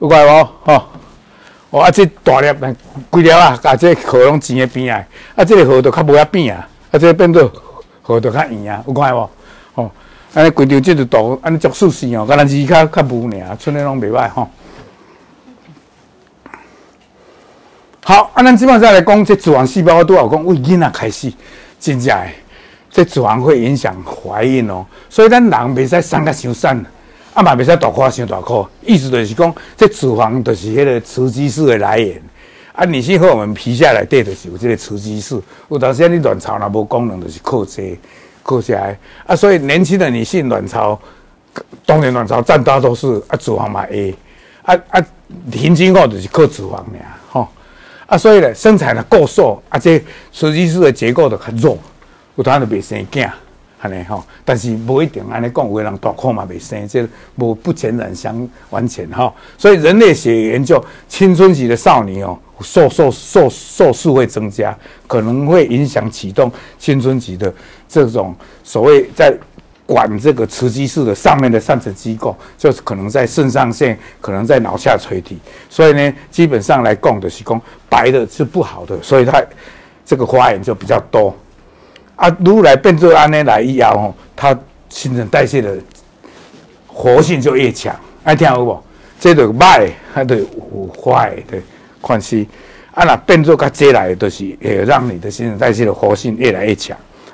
有看無？吼、哦，哦，啊，這大粒，規粒啊，啊，這荷攏尖的邊啊，啊，這荷都較無遐變啊，啊，這變、個、做荷都較圓啊較，有看無？吼。安尼規條即條大安尼竹樹樹哦，敢若是伊較較無呢，村里攏袂歹吼。哦。好，啊，咱基本上來講，這脂肪細胞多少公，從囡仔開始，真正的這脂肪會影響懷孕哦。所以咱人未使生甲傷散啊，嘛未使大塊小大塊。意思就是講，這脂肪就是迄個雌激素的來源。啊，女性和我們皮下來底就是有這個雌激素。有段時間你卵巢若無功能，就是靠這個、靠這個。啊，所以年輕的女性卵巢，當然卵巢佔大多數，啊，脂肪嘛，A，啊啊，停經後就是靠脂肪倆。啊，所以咧，身材咧過瘦，啊，這雌激素的結構都很弱，有單都袂生囝，嚇你吼。但是無一定，安尼講有個人大漢嘛袂生，這不不全然相完全哈、哦。所以人類學研究青春期的少女哦，瘦瘦瘦瘦素會增加，可能會影響啟動青春期的這種所謂在。管這個雌激素的上面的上層機構，就是可能在腎上腺，可能在腦下垂體，所以呢，基本上來講的是講白的，是不好的，所以它這個發炎就比較多。啊，如來變做按呢來一樣哦，它，新陳代謝的活性就越強。愛聽好不？這得快，它的有壞的關係。啊，那變做較接來的東西，也讓你的新陳代謝的活性越來越強。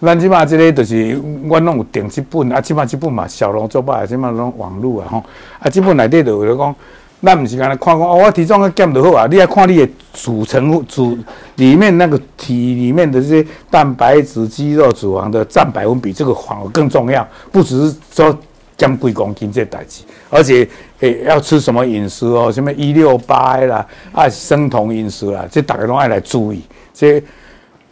咱即碼這個就是，我攏有定幾本啊，即碼即本嘛，小龍作罷啊，起碼攏網絡啊吼，啊幾本內底就有講，咱唔是講來看講，哦，我體重要減就好啊，你要看你嘅組成組裡面那個體裡面的這些蛋白質、肌肉、脂肪的占百分比這個反而更重要，不只是說減幾公斤這代志，而且誒、欸、要吃什麼飲食哦，什麼一六八啦，啊生酮飲食啦，這大家攏愛來注意，這。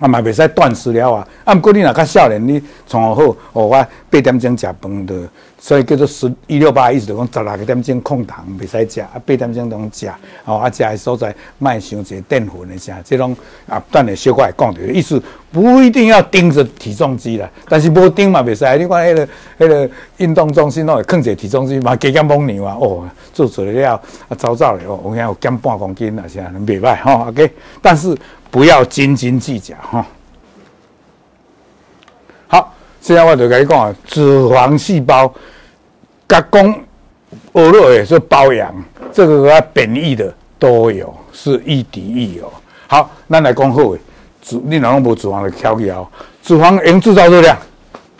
啊，嘛袂使斷食了啊！啊毋過你若較少年，你創好，哦，我八點鐘食飯的，所以叫做十一六八的意思，講十六個點鐘空檔袂使食，啊，八點鐘當食，哦，啊，食誒所在賣傷個澱粉誒啥？即種啊，斷來小可會講着，意思不一定要盯着體重機啦，但是無盯嘛袂使，你看迄個迄個運動中心，攏會囥儕體重機嘛，加減蒙牛啊，哦，做做了啊，早早的哦，有影有減半公斤啊是啊，袂歹吼，OK，但是。不要斤斤計較，哈、哦。好，現在我就跟你講啊，脂肪細胞、甲功、荷爾也是保養，這個它本意的都有，是亦敵亦友。好，咱來講好的。你若講無脂肪就巧去哦，脂肪用制造熱量。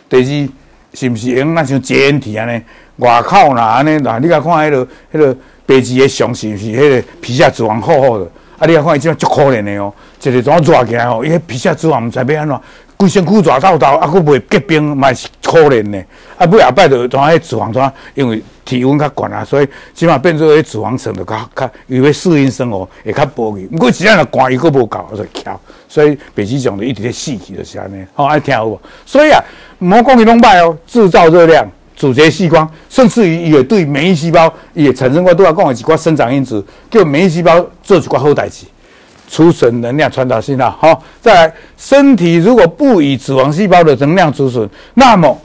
第二、啊那個那個那個，是唔是能咱像絕緣體安呢？外口那安尼，那你看，迄個、迄個白字的熊，是唔是迄個皮下脂肪厚厚的？啊，你啊看，伊真足可憐的哦。就是怎啊熱起來哦，伊迄皮下脂肪唔知道要安怎，規身軀熱到到，還佫袂結冰，也，也是可憐的。啊，不夜拜就怎啊？迄脂肪怎啊？因為體溫較懸啊，所以起碼變成迄脂肪層就較較，因為適應生活也較保暖。一不過時陣若寒，伊佫無夠，就翹。所以北極熊的一點點細節就啥呢？哦、好愛聽無？所以啊，毋好講伊攏歹哦，製造熱量、組織器官，甚至於也對免疫細胞也產生個我拄仔講的一寡生長因子，叫免疫細胞做一寡好代志。儲存能量、傳導信號。好，再來，身體如果不以脂肪細胞的能量儲存，那麼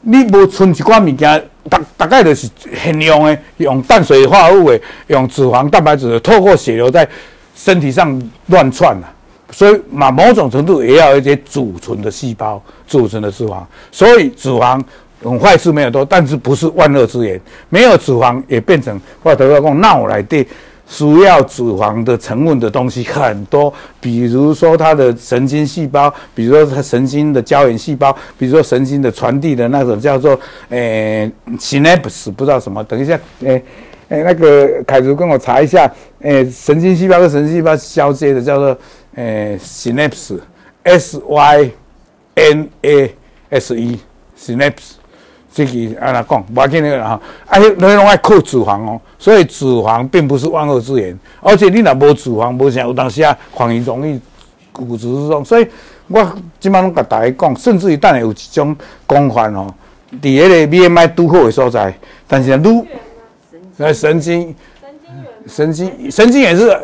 你不存一罐物件，大大概就是很用的，用碳水化合物的、用脂肪、蛋白質透過血流在身體上亂竄啦。所以，某某種程度也要有一些儲存的細胞、儲存的脂肪。所以，脂肪壞處沒有多，但是不是萬惡之源。沒有脂肪也變成或頭要講鬧來的。主要脂肪的成分的東西很多，比如說它的神經細胞，比如說它神經的膠原細胞，比如說神經的傳遞的那種叫做誒、欸、synapse，不知道什麼，等一下誒誒、欸欸、那個凱如跟我查一下誒、欸、神經細胞跟神經細胞交接的叫做誒、欸、synapse，s y n a s e synapse。即期安那講，勿要緊個啦吼。啊，你儂愛靠脂肪哦，所以脂肪並不是萬惡之源。而且你若無脂肪，無啥有，當時啊，反而容易骨質疏鬆。所以我即擺攏甲大家講，甚至於等下有一種公款哦，在迄個 BMI 拄好個所在，但是如呃神經神經神經也是誒，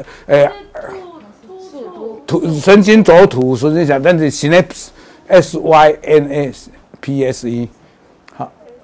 突、欸、神經走突神經啥？但是 synapse。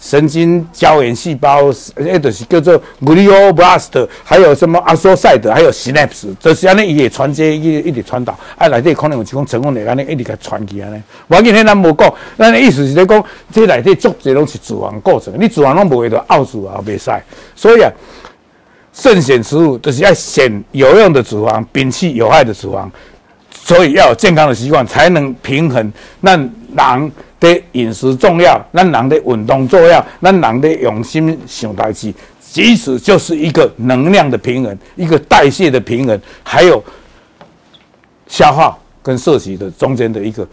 神經膠原細胞，誒，就是叫做 glial blast 還有什麼 astrocyte 還有 synapse，都是安尼一傳接一、一直傳導，啊，內底可能有幾公成分，內安尼一直給傳起來呢。關鍵，咱無講，咱的意思是咧講，這內底足儕攏是脂肪構成，你脂肪攏無會得奧煮啊，白曬，所以啊，慎選食物，就是要選有用的脂肪，摒棄有害的脂肪。所以要有健康的習慣，才能平衡。那人的飲食重要，那人的運動重要，那人的用心、想代去，即使就是一個能量的平衡，一個代謝的平衡，還有消耗跟攝取的中間的一個，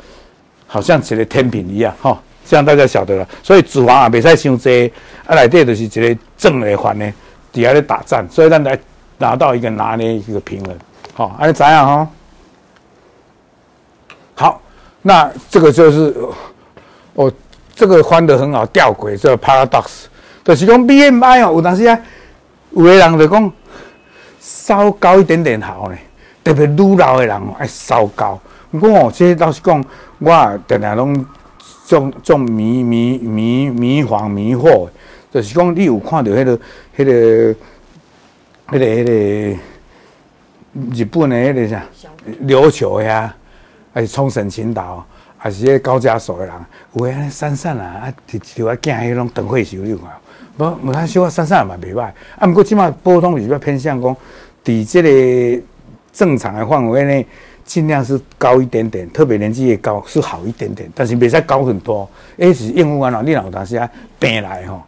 好像一個天平一樣。哈、哦，這樣大家曉得了。所以脂肪也別再傷多，啊，內底就是一個正的反的，底下在打仗，所以咱來拿到一個拿捏一個平衡。好、哦，還是怎樣、哦？哈。好，那這個就是哦，這個翻得很好吊，吊詭，叫 paradox。但是講 BMI 哦，有當時啊，有的人就講，稍高一點點好呢，特別癒老的人哦愛稍高。我哦，這個、倒是講，我也常常攏種種迷迷迷迷幻迷惑。迷惑就是講，你有看到迄、那個、迄、那個、迄、那個、迄、那個、那個、日本的迄個啥，琉球呀、啊？哎，沖繩群島，啊是迄高加索誒人，有誒安散散啊，啊，一條啊驚迄種等會受用啊。不，無咱小可散散嘛未歹，啊，不過起碼波動是比較偏向講，佇即個正常誒範圍內，盡量是高一點點，特別年紀越高是好一點點，但是未使高很多。哎、啊，是因為安怎你哪有當時啊病來吼，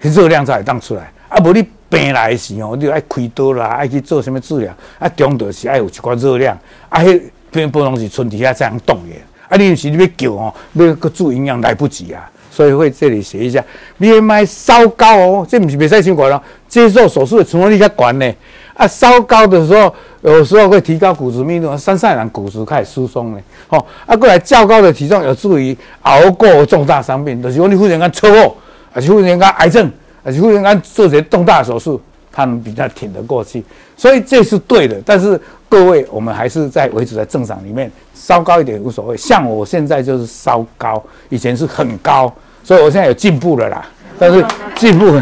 熱量才會當出來。啊，無你病來時吼，你愛開刀啦，愛去做什麼治療，啊，中度是愛有一掛熱量，啊，迄。並不能是村底下這樣動員啊！你有時你要救哦，你要夠注營養來不及啊，所以會這裡寫一下，BMI 稍高哦，這不是沒在奇怪了。接受手術的存活率較高呢。啊，稍高的時候，有時候會提高骨質密度，但是也讓人骨質開始疏鬆呢。哦，啊，過來較高的體重有助於熬過重大傷病，就是說你忽然間車禍，還是忽然間癌症，還是忽然間做些重大手術，他能比較挺得過去。所以這是對的，但是。各位，我們還是在維持在正常裡面，稍高一點無所謂。像我現在就是稍高，以前是很高，所以我現在有進步了啦。但是進步， [laughs] [laughs]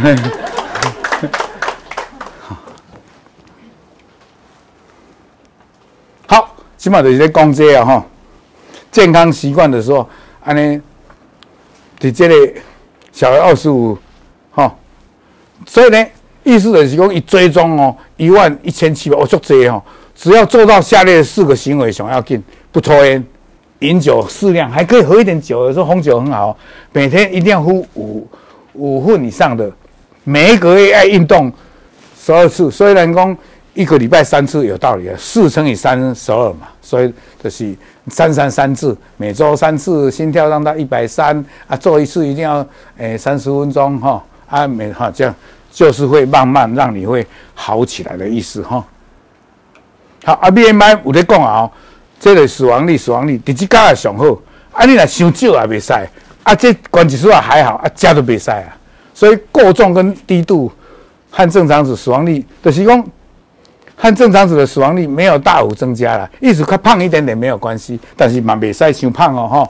好，好，這個，起碼就在講這啊哈，健康習慣的時候，安尼，你這個小於二十五哈，所以呢，意思就是講，一追蹤哦，一萬一千七百，我做這哦。只要做到下列四個行為，想要進不抽煙，飲酒適量，還可以喝一點酒，有時候紅酒很好。每天一定要喝五五份以上的，每一個月要運動十二次。雖然講一個禮拜三次有道理啊，四乘以三是十二嘛，所以就是三三三次，每周三次，心跳讓它一百三啊，做一次一定要誒三十分鐘哈啊每哈、啊、這樣就是會慢慢讓你會好起來的意思哈。好啊，B M I 有咧講啊，即、啊、個、哦、死亡率、死亡率，直接加也上好。啊，你若傷少也袂使，啊，即關節數也還好，啊，吃着袂使啊。所以過重跟低度和正常子死亡率就是講，和正常子的死亡率沒有大幅增加了，意思較胖一點點沒有關係，但是嘛袂使傷胖哦，吼、啊，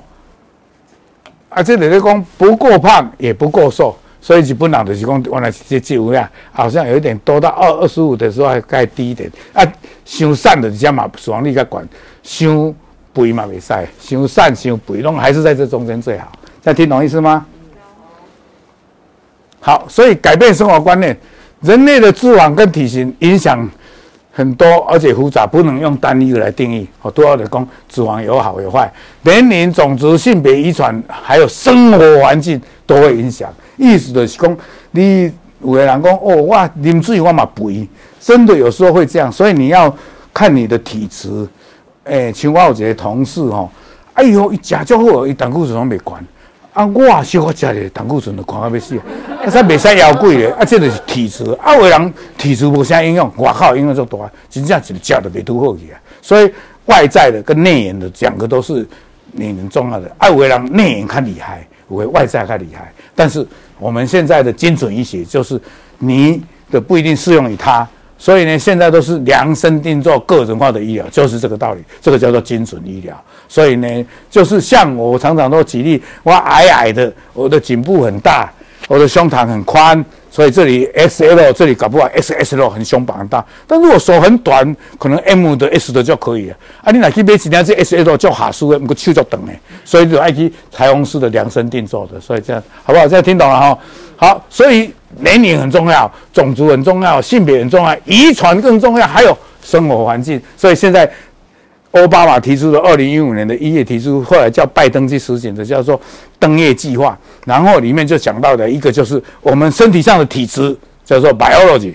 啊，這裡咧講不過胖也不過瘦。所以基本上就是講，原來是這隻有咩，好像有一點多到二二十五的時候，還該低一點啊。修散的你先把死亡率管修太肥嘛事修太修太肥，那還是在這中間最好。這樣聽懂意思嗎？好，所以改變生活觀念，人類的脂肪跟體型影響很多，而且複雜，不能用單一來定義。好、哦，多要來講，脂肪有好有壞，年齡、種族、性別、遺傳，還有生活環境都會影響。意思就是講，你有的人講哦，我啉水我嘛肥，真的有時候會這樣，所以你要看你的體質。誒、欸，像我有一個同事吼、哦，哎喲，伊食足好，伊膽固醇未高，啊，哇是我小可食的膽固醇都高到要死，啊，才未生腰椎咧，啊，這就是體質、啊。有的人體質無啥影響，外口，影響足多，真正是食的未吐好去啊。所以外在的跟內因的兩個都是令人重要的。啊、有的人內因較厲害。不會外在太厲害，但是我們現在的精準醫學就是你的不一定適用於他，所以呢，現在都是量身定做、個人化的醫療，就是這個道理。這個叫做精準醫療。所以呢，就是像我常常都舉例，我矮矮的，我的頸部很大，我的胸膛很寬。所以這裡 S L 這裡搞不好 S S L 很胸膛很大，但如果手很短，可能 M 的 S 的就可以了。啊，你哪去買幾兩隻 S S L 叫下輸的，我們手就所以就愛去裁縫師的量身定做的。所以這樣好不好？這樣聽懂了哈。好，所以年齡很重要，種族很重要，性別很重要，遺傳更重要，還有生活環境。所以現在歐巴馬提出的二零一五年的一月提出，後來叫拜登去實行的，叫做登月計劃。然後裡面就講到的一個就是我們身體上的體質，叫做 biology。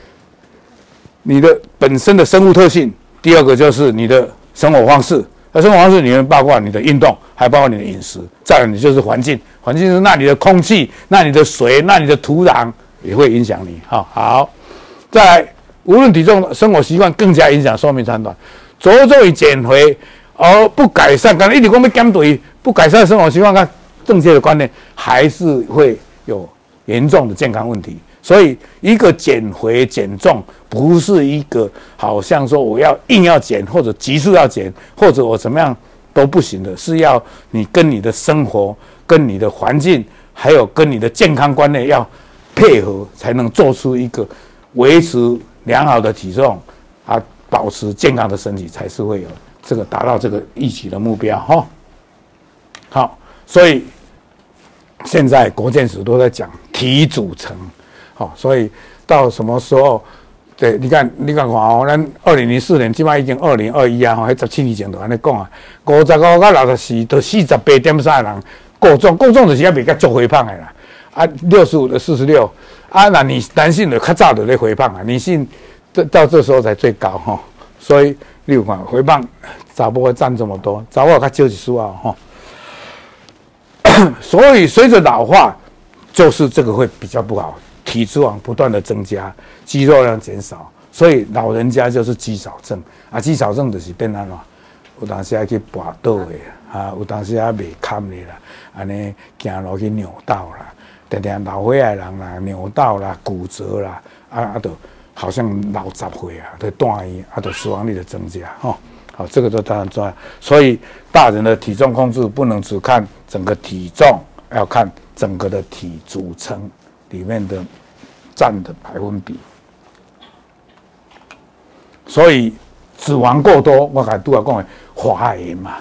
你的本身的生物特性，第二個就是你的生活方式。那生活方式裡面包括你的運動，還包括你的飲食。再來，你就是環境，環境是那裡的空氣、那裡的水、那裡的土壤也會影響你。哈，好。再來，無論體重、生活習慣更加影響壽命長短。着重於減肥而、哦、不改善，剛才一直都沒干懟，不改善生活習慣，跟正確的觀念還是會有嚴重的健康問題。所以，一個減肥減重，不是一個好像說我要硬要減，或者急速要減，或者我怎麼樣都不行的，是要你跟你的生活、跟你的環境，還有跟你的健康觀念要配合，才能做出一個維持良好的體重，啊，保持健康的身體，才是會有這個達到這個預期的目標。哈，好，所以現在國健署都在講體組成。哦，所以到什麼時候？對，你看，你看，看哦，咱二零零四年起碼已經二零二一啊，還十七年前都跟你講啊，五十五到六十是到四十八點三的人，過重，過重的是也未較做肥胖的啦。啊，六十五到四十六，啊，那你男性就較早就咧肥胖啊，女性到到這時候才最高哈，哦。所以，你有看，肥胖早不會佔這麼多，早會較少幾數啊哈。所以，隨着老化，就是這個會比較不好。體脂肪不斷的增加，肌肉量減少，所以老人家就是肌少症啊。肌少症就是變難了，有當時啊去摔倒的啊，有當時候還未看的，常常的啦，安尼走路去扭到了，等等，老歲仔人啦扭到了骨折啦，啊啊都好像老十歲啊斷段，啊都死亡率的增加哈，好、哦啊，這個都當然重要。所以大人的體重控制不能只看整個體重，要看整個的體組成裡面的。佔的百分比，所以脂肪過多，我講都要講為發炎嘛，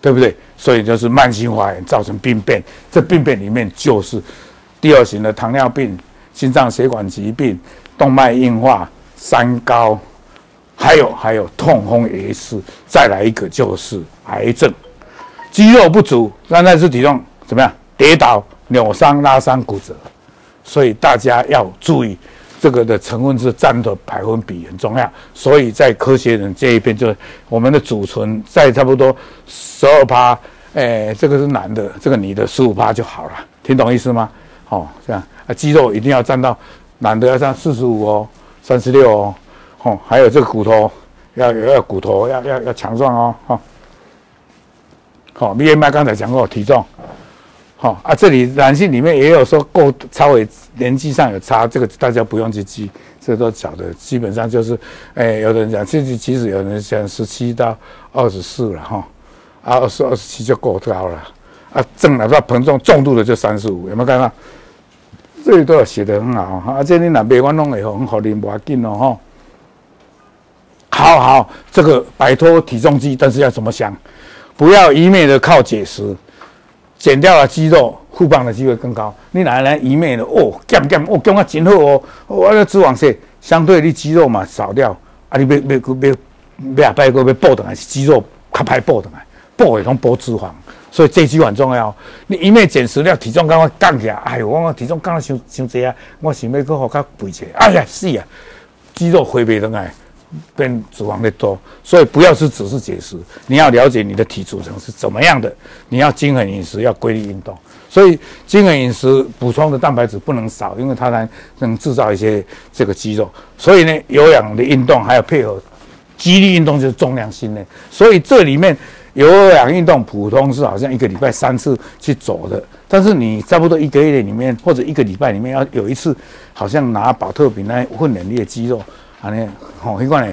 對不對？所以就是慢性發炎造成病變，這病變裡面就是第二型的糖尿病、心臟血管疾病、動脈硬化、三高，還有還有痛風、結石。再來一個就是癌症，肌肉不足，現在是體重怎麼樣？跌倒、扭傷、拉傷、骨折。所以大家要注意這個的成分是占的百分比很重要。所以在科學人這一邊，就是我們的組成在差不多十二趴，誒、欸，這個是男的，這個女的十五趴就好了。聽懂意思嗎？哦，這樣啊，肌肉一定要占到男的要占四十五哦，三十六哦，哦，還有這個骨頭要有要骨頭要要要強壯哦，哈、哦。好，BMI 剛才講過體重。好、哦、啊，這裡男性裡面也有說過稍微年紀上有差，這個大家不用去記，這個、都小的。基本上就是，哎、欸，有的人講其實其實有人講十七到二十四了哈，啊二十二十七就夠高了，啊正了到膨脹重，重度的就三十五，有沒有看到？這裡都寫的很好啊，這裡你那微觀以的很好，你不緊了哈。好好，這個擺脫體重計，但是要怎麼想？不要一味的靠節食減掉了肌肉，復胖的機會更高。你哪來一味的？哦，減減哦，減啊真好哦。我、哦、咧脂肪細，相對你肌肉嘛少掉啊你。你別別別別別個別補倒來啊，是肌肉較歹補倒來啊，補的攏補脂肪。所以這句話很重要、哦，你一味減食了，體重趕快降起來。哎喲，我體重降了傷傷濟啊，我想要去學卡肥濟。哎呀，死啊！肌肉回袂得來。變脂肪的多，所以不要是只是節食，你要了解你的體組成是怎麼樣的，你要均衡飲食，要規律運動。所以均衡飲食補充的蛋白質不能少，因為它能能製造一些這個肌肉。所以呢，有氧的運動還要配合肌力運動，就是重量性的。所以這裡面有氧運動普通是好像一個禮拜三次去走的，但是你差不多一個月裡面或者一個禮拜裡面要有一次，好像拿保特瓶來訓練你的肌肉。安尼，吼、哦，迄款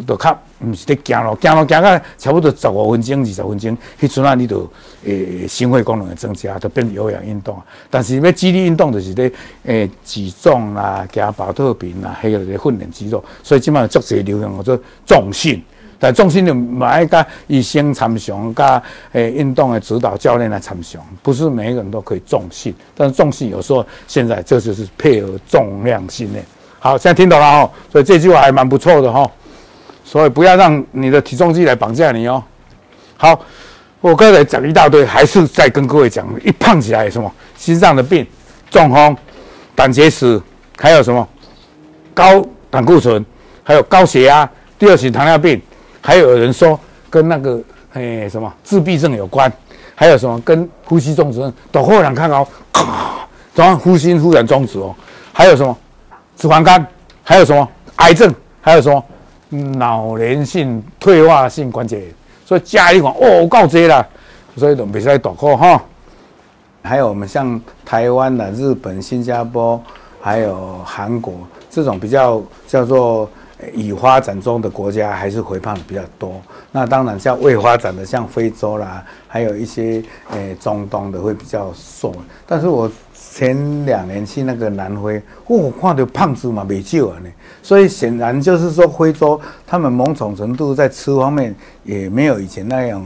誒，就較毋是佇行路，行路行到差不多十五分鐘、二十分鐘，迄陣啊，你著誒，心肺功能會增加，著變有氧運動。但是要肌力運動著是咧，誒、欸，舉重啦，行跑道邊啦，系個咧訓練肌肉。所以即賣足最流行，我做重訓。但重訓就愛甲醫生參詳，甲誒運動誒指導教練來參詳，不是每個人都可以重訓。但是重訓有時候現在這就是配合重量訓練。好，現在聽懂了哦，所以這句話還蠻不錯的哈。所以不要讓你的體重計來綁架你哦。好，我剛才講一大堆，還是在跟各位講，一胖起來什麼心臟的病、中風、膽結石，還有什麼高膽固醇，還有高血壓、第二型糖尿病，還有有人說跟那個誒、欸、什麼自閉症有關，還有什麼跟呼吸中止，等後來看哦，早、呃、上呼吸突然中止哦，還有什麼？脂肪肝還有什麼癌症還有什麼老年性退化性關節炎，所以加一款哦，我告誡了，所以都比賽躲過哈。還有我們像台灣的、日本、新加坡，還有韓國這種比較叫做已發展中的國家，還是肥胖的比較多。那當然像未發展的，像非洲啦，還有一些誒中東的會比較瘦。但是我。前兩年去那個南非，我、哦、看到胖子嘛，沒救啊呢。所以顯然就是說，非洲他們某種程度在吃方面也沒有以前那樣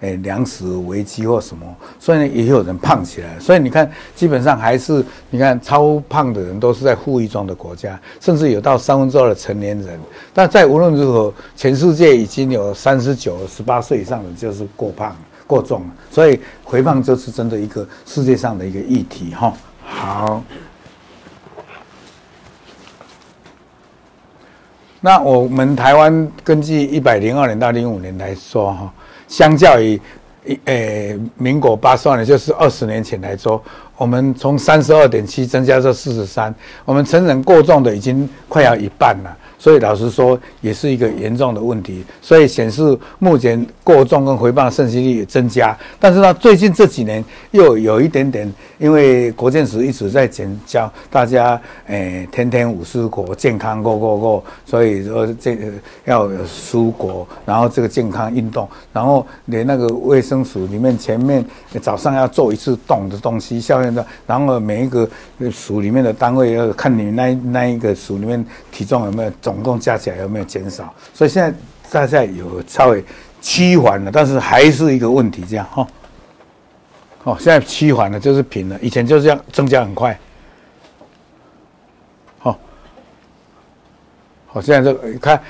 的誒糧、欸、食危機或什麼，所以也有人胖起來。所以你看，基本上還是你看超胖的人都是在富裕中的國家，甚至有到三分之二的成年人。但在無論如何，全世界已經有三十九十八歲以上的就是過胖過重了。所以肥胖就是真的一個世界上的一個議題哈。好，那我們台灣根據一百零二年到零五年來說哈，相較於一誒、呃、民國八十二年，就是二十年前來說，我們從三十二點七增加到四十三，我們成人過重的已經快要一半了。所以老實說，也是一個嚴重的問題。所以顯示目前過重跟肥胖盛行率也增加。但是呢，最近這幾年又有一點點，因為國健署一直在強調大家誒、呃，天天五蔬果，健康過過過。Go, Go, Go, 所以說這要蔬果，然後這個健康運動，然後連那個衛生署裡面前面早上要做一次動的東西，校園的，然後每一個署裡面的單位要看你那那一個署裡面體重有沒有重？總共加起來有沒有減少？所以現在大家有稍微趨緩了，但是還是一個問題，這樣哈、哦。哦，現在趨緩了就是平了，以前就是這樣增加很快。好、哦，好、哦，現在就、啊、這個看，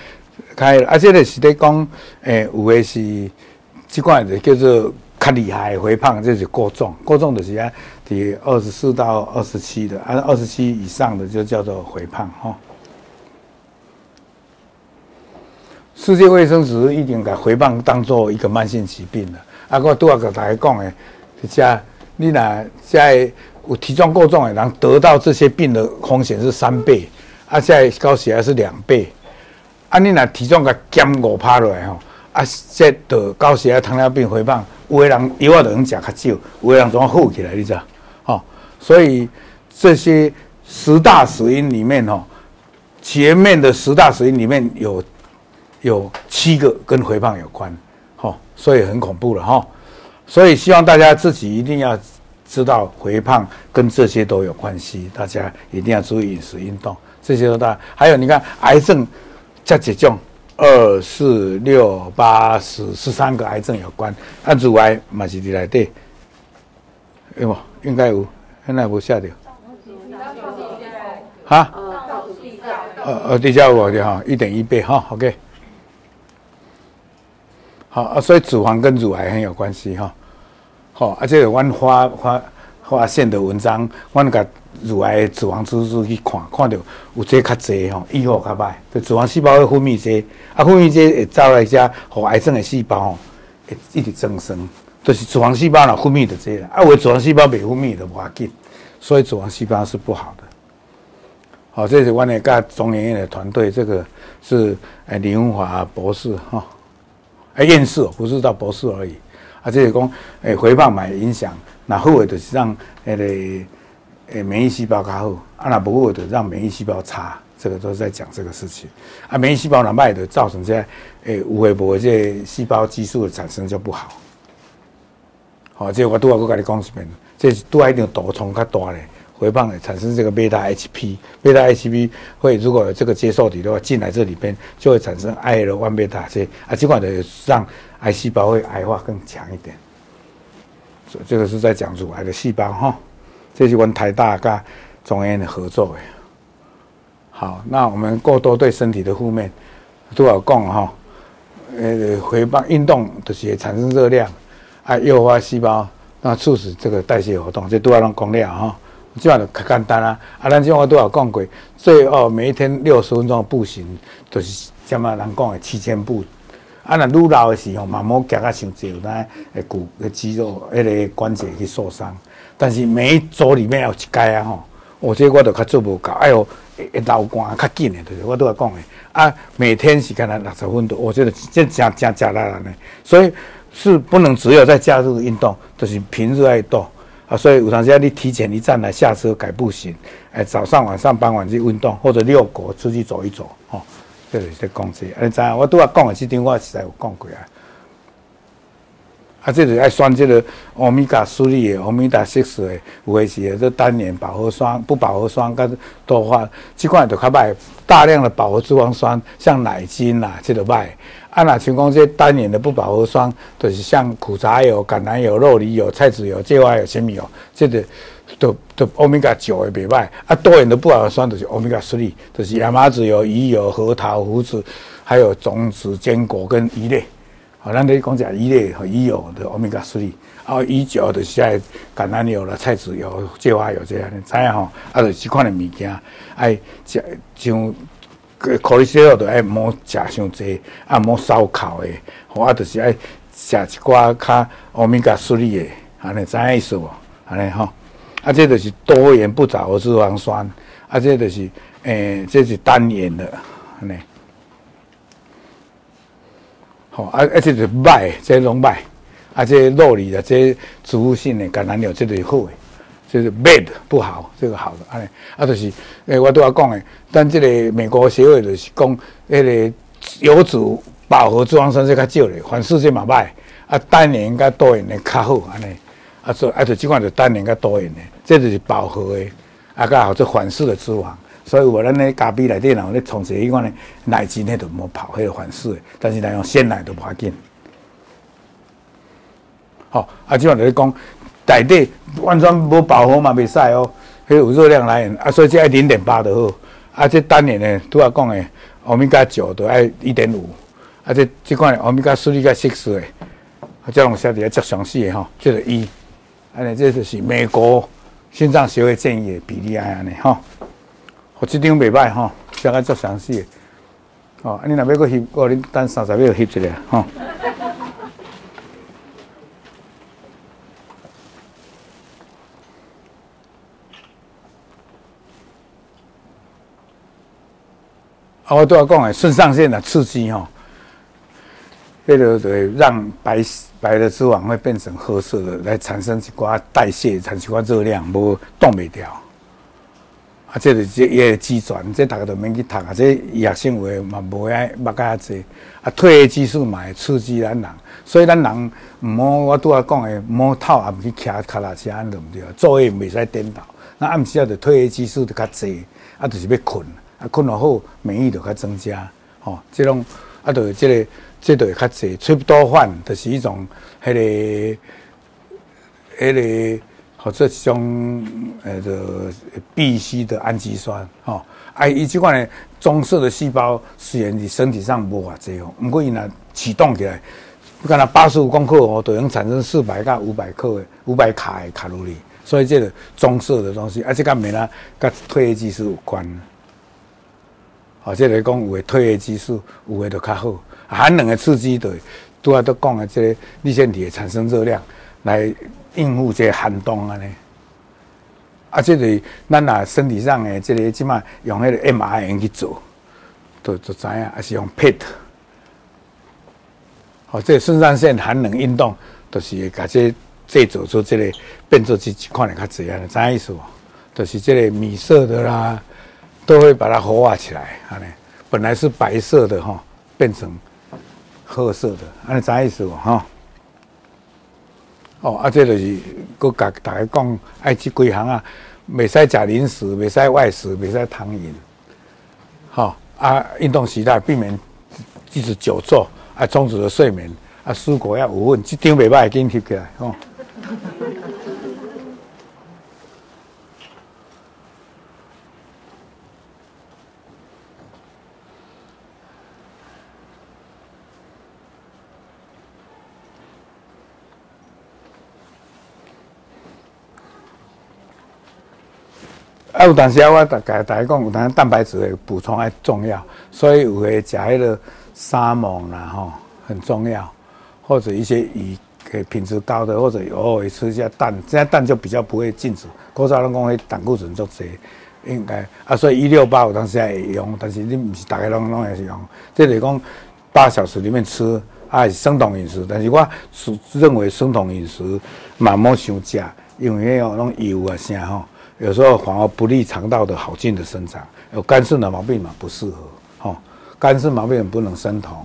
看，而且呢，是在講，誒、欸，有的是，即個叫做較厲害肥胖，就是過重，過重就是24的啊，第二十四到二十七的，按二十七以上的就叫做肥胖哈。哦世界衛生組織已經把肥胖當做一個慢性疾病了。啊，我都要跟大家講的，即個你若在有體重過重的人，得到這些病的風險是三倍，啊，在高血壓是兩倍。啊，你若體重甲減五趴落來吼，啊，即的高血壓、糖尿病、肥胖，有的人藥話着食較少，有的人總要好起來，你知道？吼、哦，所以這些十大死因裡面吼，前面的十大死因裡面有。有七個跟肥胖有關，哈、哦，所以很恐怖了哈、哦，所以希望大家自己一定要知道肥胖跟這些都有關係，大家一定要注意飲食、運動這些都大。大還有你看，癌症這幾種，二、四、六、八、十、十三個癌症有關，按之外嘛是的來對，有冇？應該無現在無下掉。哈、哦，呃呃，對家我就好，一點一倍哈，OK。好啊，所以脂肪跟乳癌很有關係哈。好、哦，而、啊這個阮發發發現的文章，阮共乳癌的脂肪指數去看，看到有這較儕吼，預後較歹。這脂肪細胞會分泌儕，啊分泌儕會招來只和癌症的細胞哦，會一直增生。就是脂肪細胞若分泌的儕，啊有脂肪細胞沒分泌的無要緊，所以脂肪細胞是不好的。好、哦，這是阮的甲中研院的團隊，這個是李文華博士哈。哦。啊，院士不是到博士而已，而、啊、且、就是講，誒、欸，肥胖買影響，那後尾就是讓那個，誒、欸欸，免疫細胞較好，啊，那不會的讓免疫細胞差，這個都在講這個事情，啊，免疫細胞呢，慢的造成這個，樣、欸、誒，無回波這細胞激素的產生就不好，好、啊，這個我都要我跟你講一遍，這都還一,一點毒蟲較大嘞。肥胖產生這個貝塔 HP，貝塔 HP 會，如果有這個接受體的話進來這裡邊就會產生 IL-1 貝塔 C 啊，儘管的讓癌細胞會癌化更強一點。這這個是在講乳癌的細胞哈，這是我們台大跟中央的合作誒。好，那我們過多對身體的負面都要講哈，呃，肥胖運動這些產生熱量啊，誘發細胞，那促使這個代謝活動，這都要讓供料哈。這樣就較簡單啦，啊，咱講我都有講過，最後、哦、每一天六十分鐘的步行，就是什麼人講的七千步。啊，咱愈老的時候，慢慢腳啊先走，那骨、那肌肉、那個關節去受傷。但是每一周裡面有一天啊吼，而、哦、且我都較做無夠，哎呦，會會流汗較緊的，就是我拄下講的。啊，每天是間啊六十分鐘，哦，這這正正正拉人嘞。所以是不能只有在假日運動，就是平日愛動。啊，所以有陣時啊，你提前一站來下車改步行，哎，早上晚上傍晚去運動，或者遛狗，出去走一走，吼、哦，這裡一些工資，哎、啊，你知影？我都話講啊，這點我實在有講過啊。啊，這裡愛選這個歐米伽三、歐米伽六，有的是這單鏈飽和酸、不飽和酸更多話，這塊都較歹大量的飽和脂肪酸，像奶精啦，這個歹。按哪情況，這些單元的不飽和酸都、就是像苦茶油、橄欖油，油、酪梨油、菜籽油、芥花油、小米油，這個都都歐米伽九也袂歹。啊，多元的不飽和酸就是歐米伽三哩，就是亞麻籽油、魚油、核桃、胡子，還有種子、堅果跟魚類。好、啊，咱在講一下魚類和魚油的歐米伽三哩，啊，魚油就是像橄欖油了、菜籽油、芥花油這樣，知影吼？啊，就幾款的物件，哎，像。可以說哦，着愛莫食上多，啊莫燒烤的、嗯，啊，就是愛食一寡較歐米伽系列，安尼知影意思無？安尼吼，啊，這就是多元不飽和脂肪酸，啊，這就是誒、呃，這是單元的，安尼。吼、哦。啊，啊，這是麥，這攏麥，啊，這肉裡啊，這植物性的橄欖油這是好的。就是 bad 不好，這個好的，哎，啊，就是，誒、欸，我拄仔講誒，但這個美國協會就是講，迄個油脂飽和脂肪酸是較少嘞，反式這嘛歹，啊，單元應該多元較好，安尼，啊，做，啊，就這款就單元較多元，這就是飽和誒，啊，剛好做反式的脂肪，所以話咱咧咖啡內底然後咧沖個迄款咧，奶精，內就冇跑迄個反式誒，但是咱用鮮奶就唔要緊。好、哦，啊，這款在講。大底完全無飽和嘛，未使哦。迄有熱量來源，源啊，所以只愛零點八就好。啊，即單年呢、啊，都拄仔講誒，歐米伽九都愛一點五。啊，即即款歐米伽三、六、加七、十誒，我叫儂寫底較詳細誒吼，就是伊安尼，即就是美國心臟協會建議的比例安尼吼。哦、啊，即張袂歹吼，寫較足詳細。哦，你若要閣翕，我恁等三十秒翕一個吼。 [laughs] 我哦，拄仔講誒，腎上腺若刺激吼，迄個，就會讓白白的脂肪會變成褐色的，來產生一寡代謝，產生一寡熱量，無擋袂牢。啊，即個即個機轉，即大家都免去讀啊，即亞性維嘛無愛目加遐濟。啊，褪黑激素嘛會刺激咱人，所以咱人毋好我拄仔講誒，摸透也毋去倚，腳踏車安尼得毋對，作業袂使顛倒。那暗時啊，著褪黑激素著較濟，啊，著、就是要困。睏好後，免疫力就較增加，吼、哦，這種啊，對這個，這就會較儕，吃不多飯，就是一種迄個，迄個，或者、哦、一種，呃、欸，就必須的氨基酸，吼、哦，啊，伊即款咧，棕色的細胞雖然佇身體上無偌儕吼，不過伊若啟動起來，干啦，八十五公克吼、哦，就能產生四百到五百克的五百卡的卡路里，所以這個棕色的東西，而且干咩啦，這種跟褪黑激素有關。哦，即、這個講有誒，褪黑激素有誒，就較好。寒冷誒刺激，對，都要都講誒，即個，立腺體會產生熱量來應付即個寒冬啊呢。啊，即、這個咱啊，身體上誒，即個起碼用迄個 M R I 去做，都都知影，啊，是用 PET。哦，即腎上腺寒冷運動就會這，都是甲即即做出即個變做即一款，你較儕啊？知影意思？都、就是即個米色的啦。嗯都會把它活化起來，安尼本來是白色的哈，變成褐色的，安尼知影意思無？哈，哦，啊，這就是，擱甲大家講，愛吃幾項啊，未使食零食，未使外食，未使糖飲，哈、哦，啊，運動時代避免一直久坐，啊，充足的睡眠，啊，蔬果要有，這張未歹，緊貼起來，吼、哦。啊，有當時啊，我大概大概講，有當蛋白質的補充還重要，所以有會吃迄個沙蒙啦吼，很重要。或者一些魚，誒，品質高的，或者偶爾吃一下蛋，這些蛋就比較不會禁止。多少人講，迄膽固醇就多，應該啊，所以一六八，有當時會用，但是你不是大家攏攏也是用。即來講，八小時裡面吃，啊，生酮飲食。但是我是認為生酮飲食慢慢想吃，因為迄種油啊啥吼。有時候反而不利腸道的好菌的生長，有肝腎的毛病嘛不適合，吼、哦，肝腎毛病不能生酮，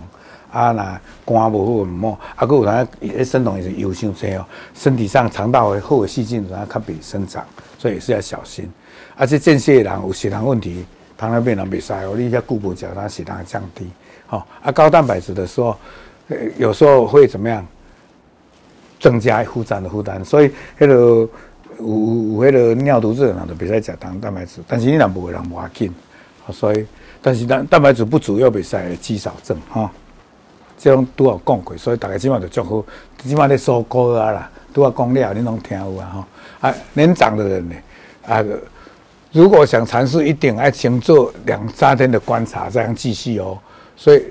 啊，那肝不好，啊，佮有哪下生酮也是有相生哦，身體上腸道的好的細菌，然後克比，較比生長，所以也是要小心，啊，間歇的人有血糖問題，糖尿病人袂使哦，你要固步讓它血糖降低，吼、哦，啊，高蛋白質的時候，有時候會怎麼樣，增加負擔的負擔，所以迄、那個。有有有迄個尿毒症，那就別使食糖蛋白質。但是你那不會讓滑筋，所以，但是蛋蛋白質不足又別使肌少症哈、哦。這樣都我講過，所以大家起碼就做好，起碼你收過啊啦，都我講了，你攏聽有啊哈。啊，年長的人呢，啊，如果想嘗試一定要先做兩三天的觀察，這樣繼續哦。所以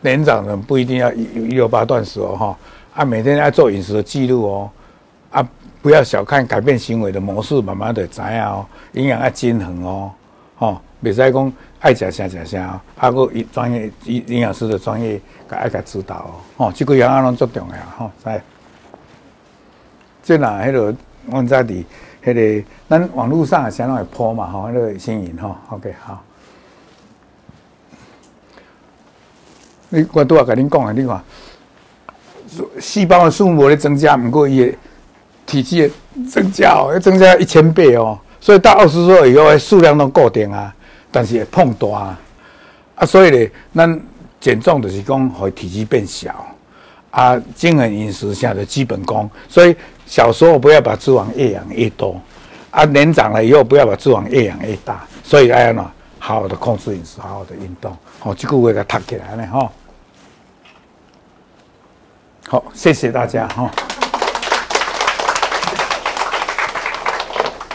年長的人不一定要一,一六八斷食哦哈，啊，每天要做飲食的記錄哦，啊。不要小看改變行為的模式，慢慢就知啊！哦，營養要均衡哦，哦，袂使講愛食啥食啥，啊，個專業營養師的專業個愛個指導哦，哦，這個也阿攏足重要吼、哦，知即吶，迄落、那個，阮再佇迄個咱、那個、網絡上相當會播嘛，吼、哦，迄、那、落個新人吼，OK，好。我你我拄啊，甲你講啊，你看，細胞的數目咧增加，毋過伊。體積增加哦，增加一千倍哦，所以到二十歲以後，數量攏固定啊，但是會膨大啊，啊，所以咧，咱減重就是講會體積變小啊，均衡飲食下的基本功，所以小時候不要把脂肪越養越多，啊，年長了以後不要把脂肪越養越大，所以哎呀嘛，好好的控制飲食，好好的運動，好、哦，這個會卡起來呢哈、哦。好，謝謝大家哈。嗯哦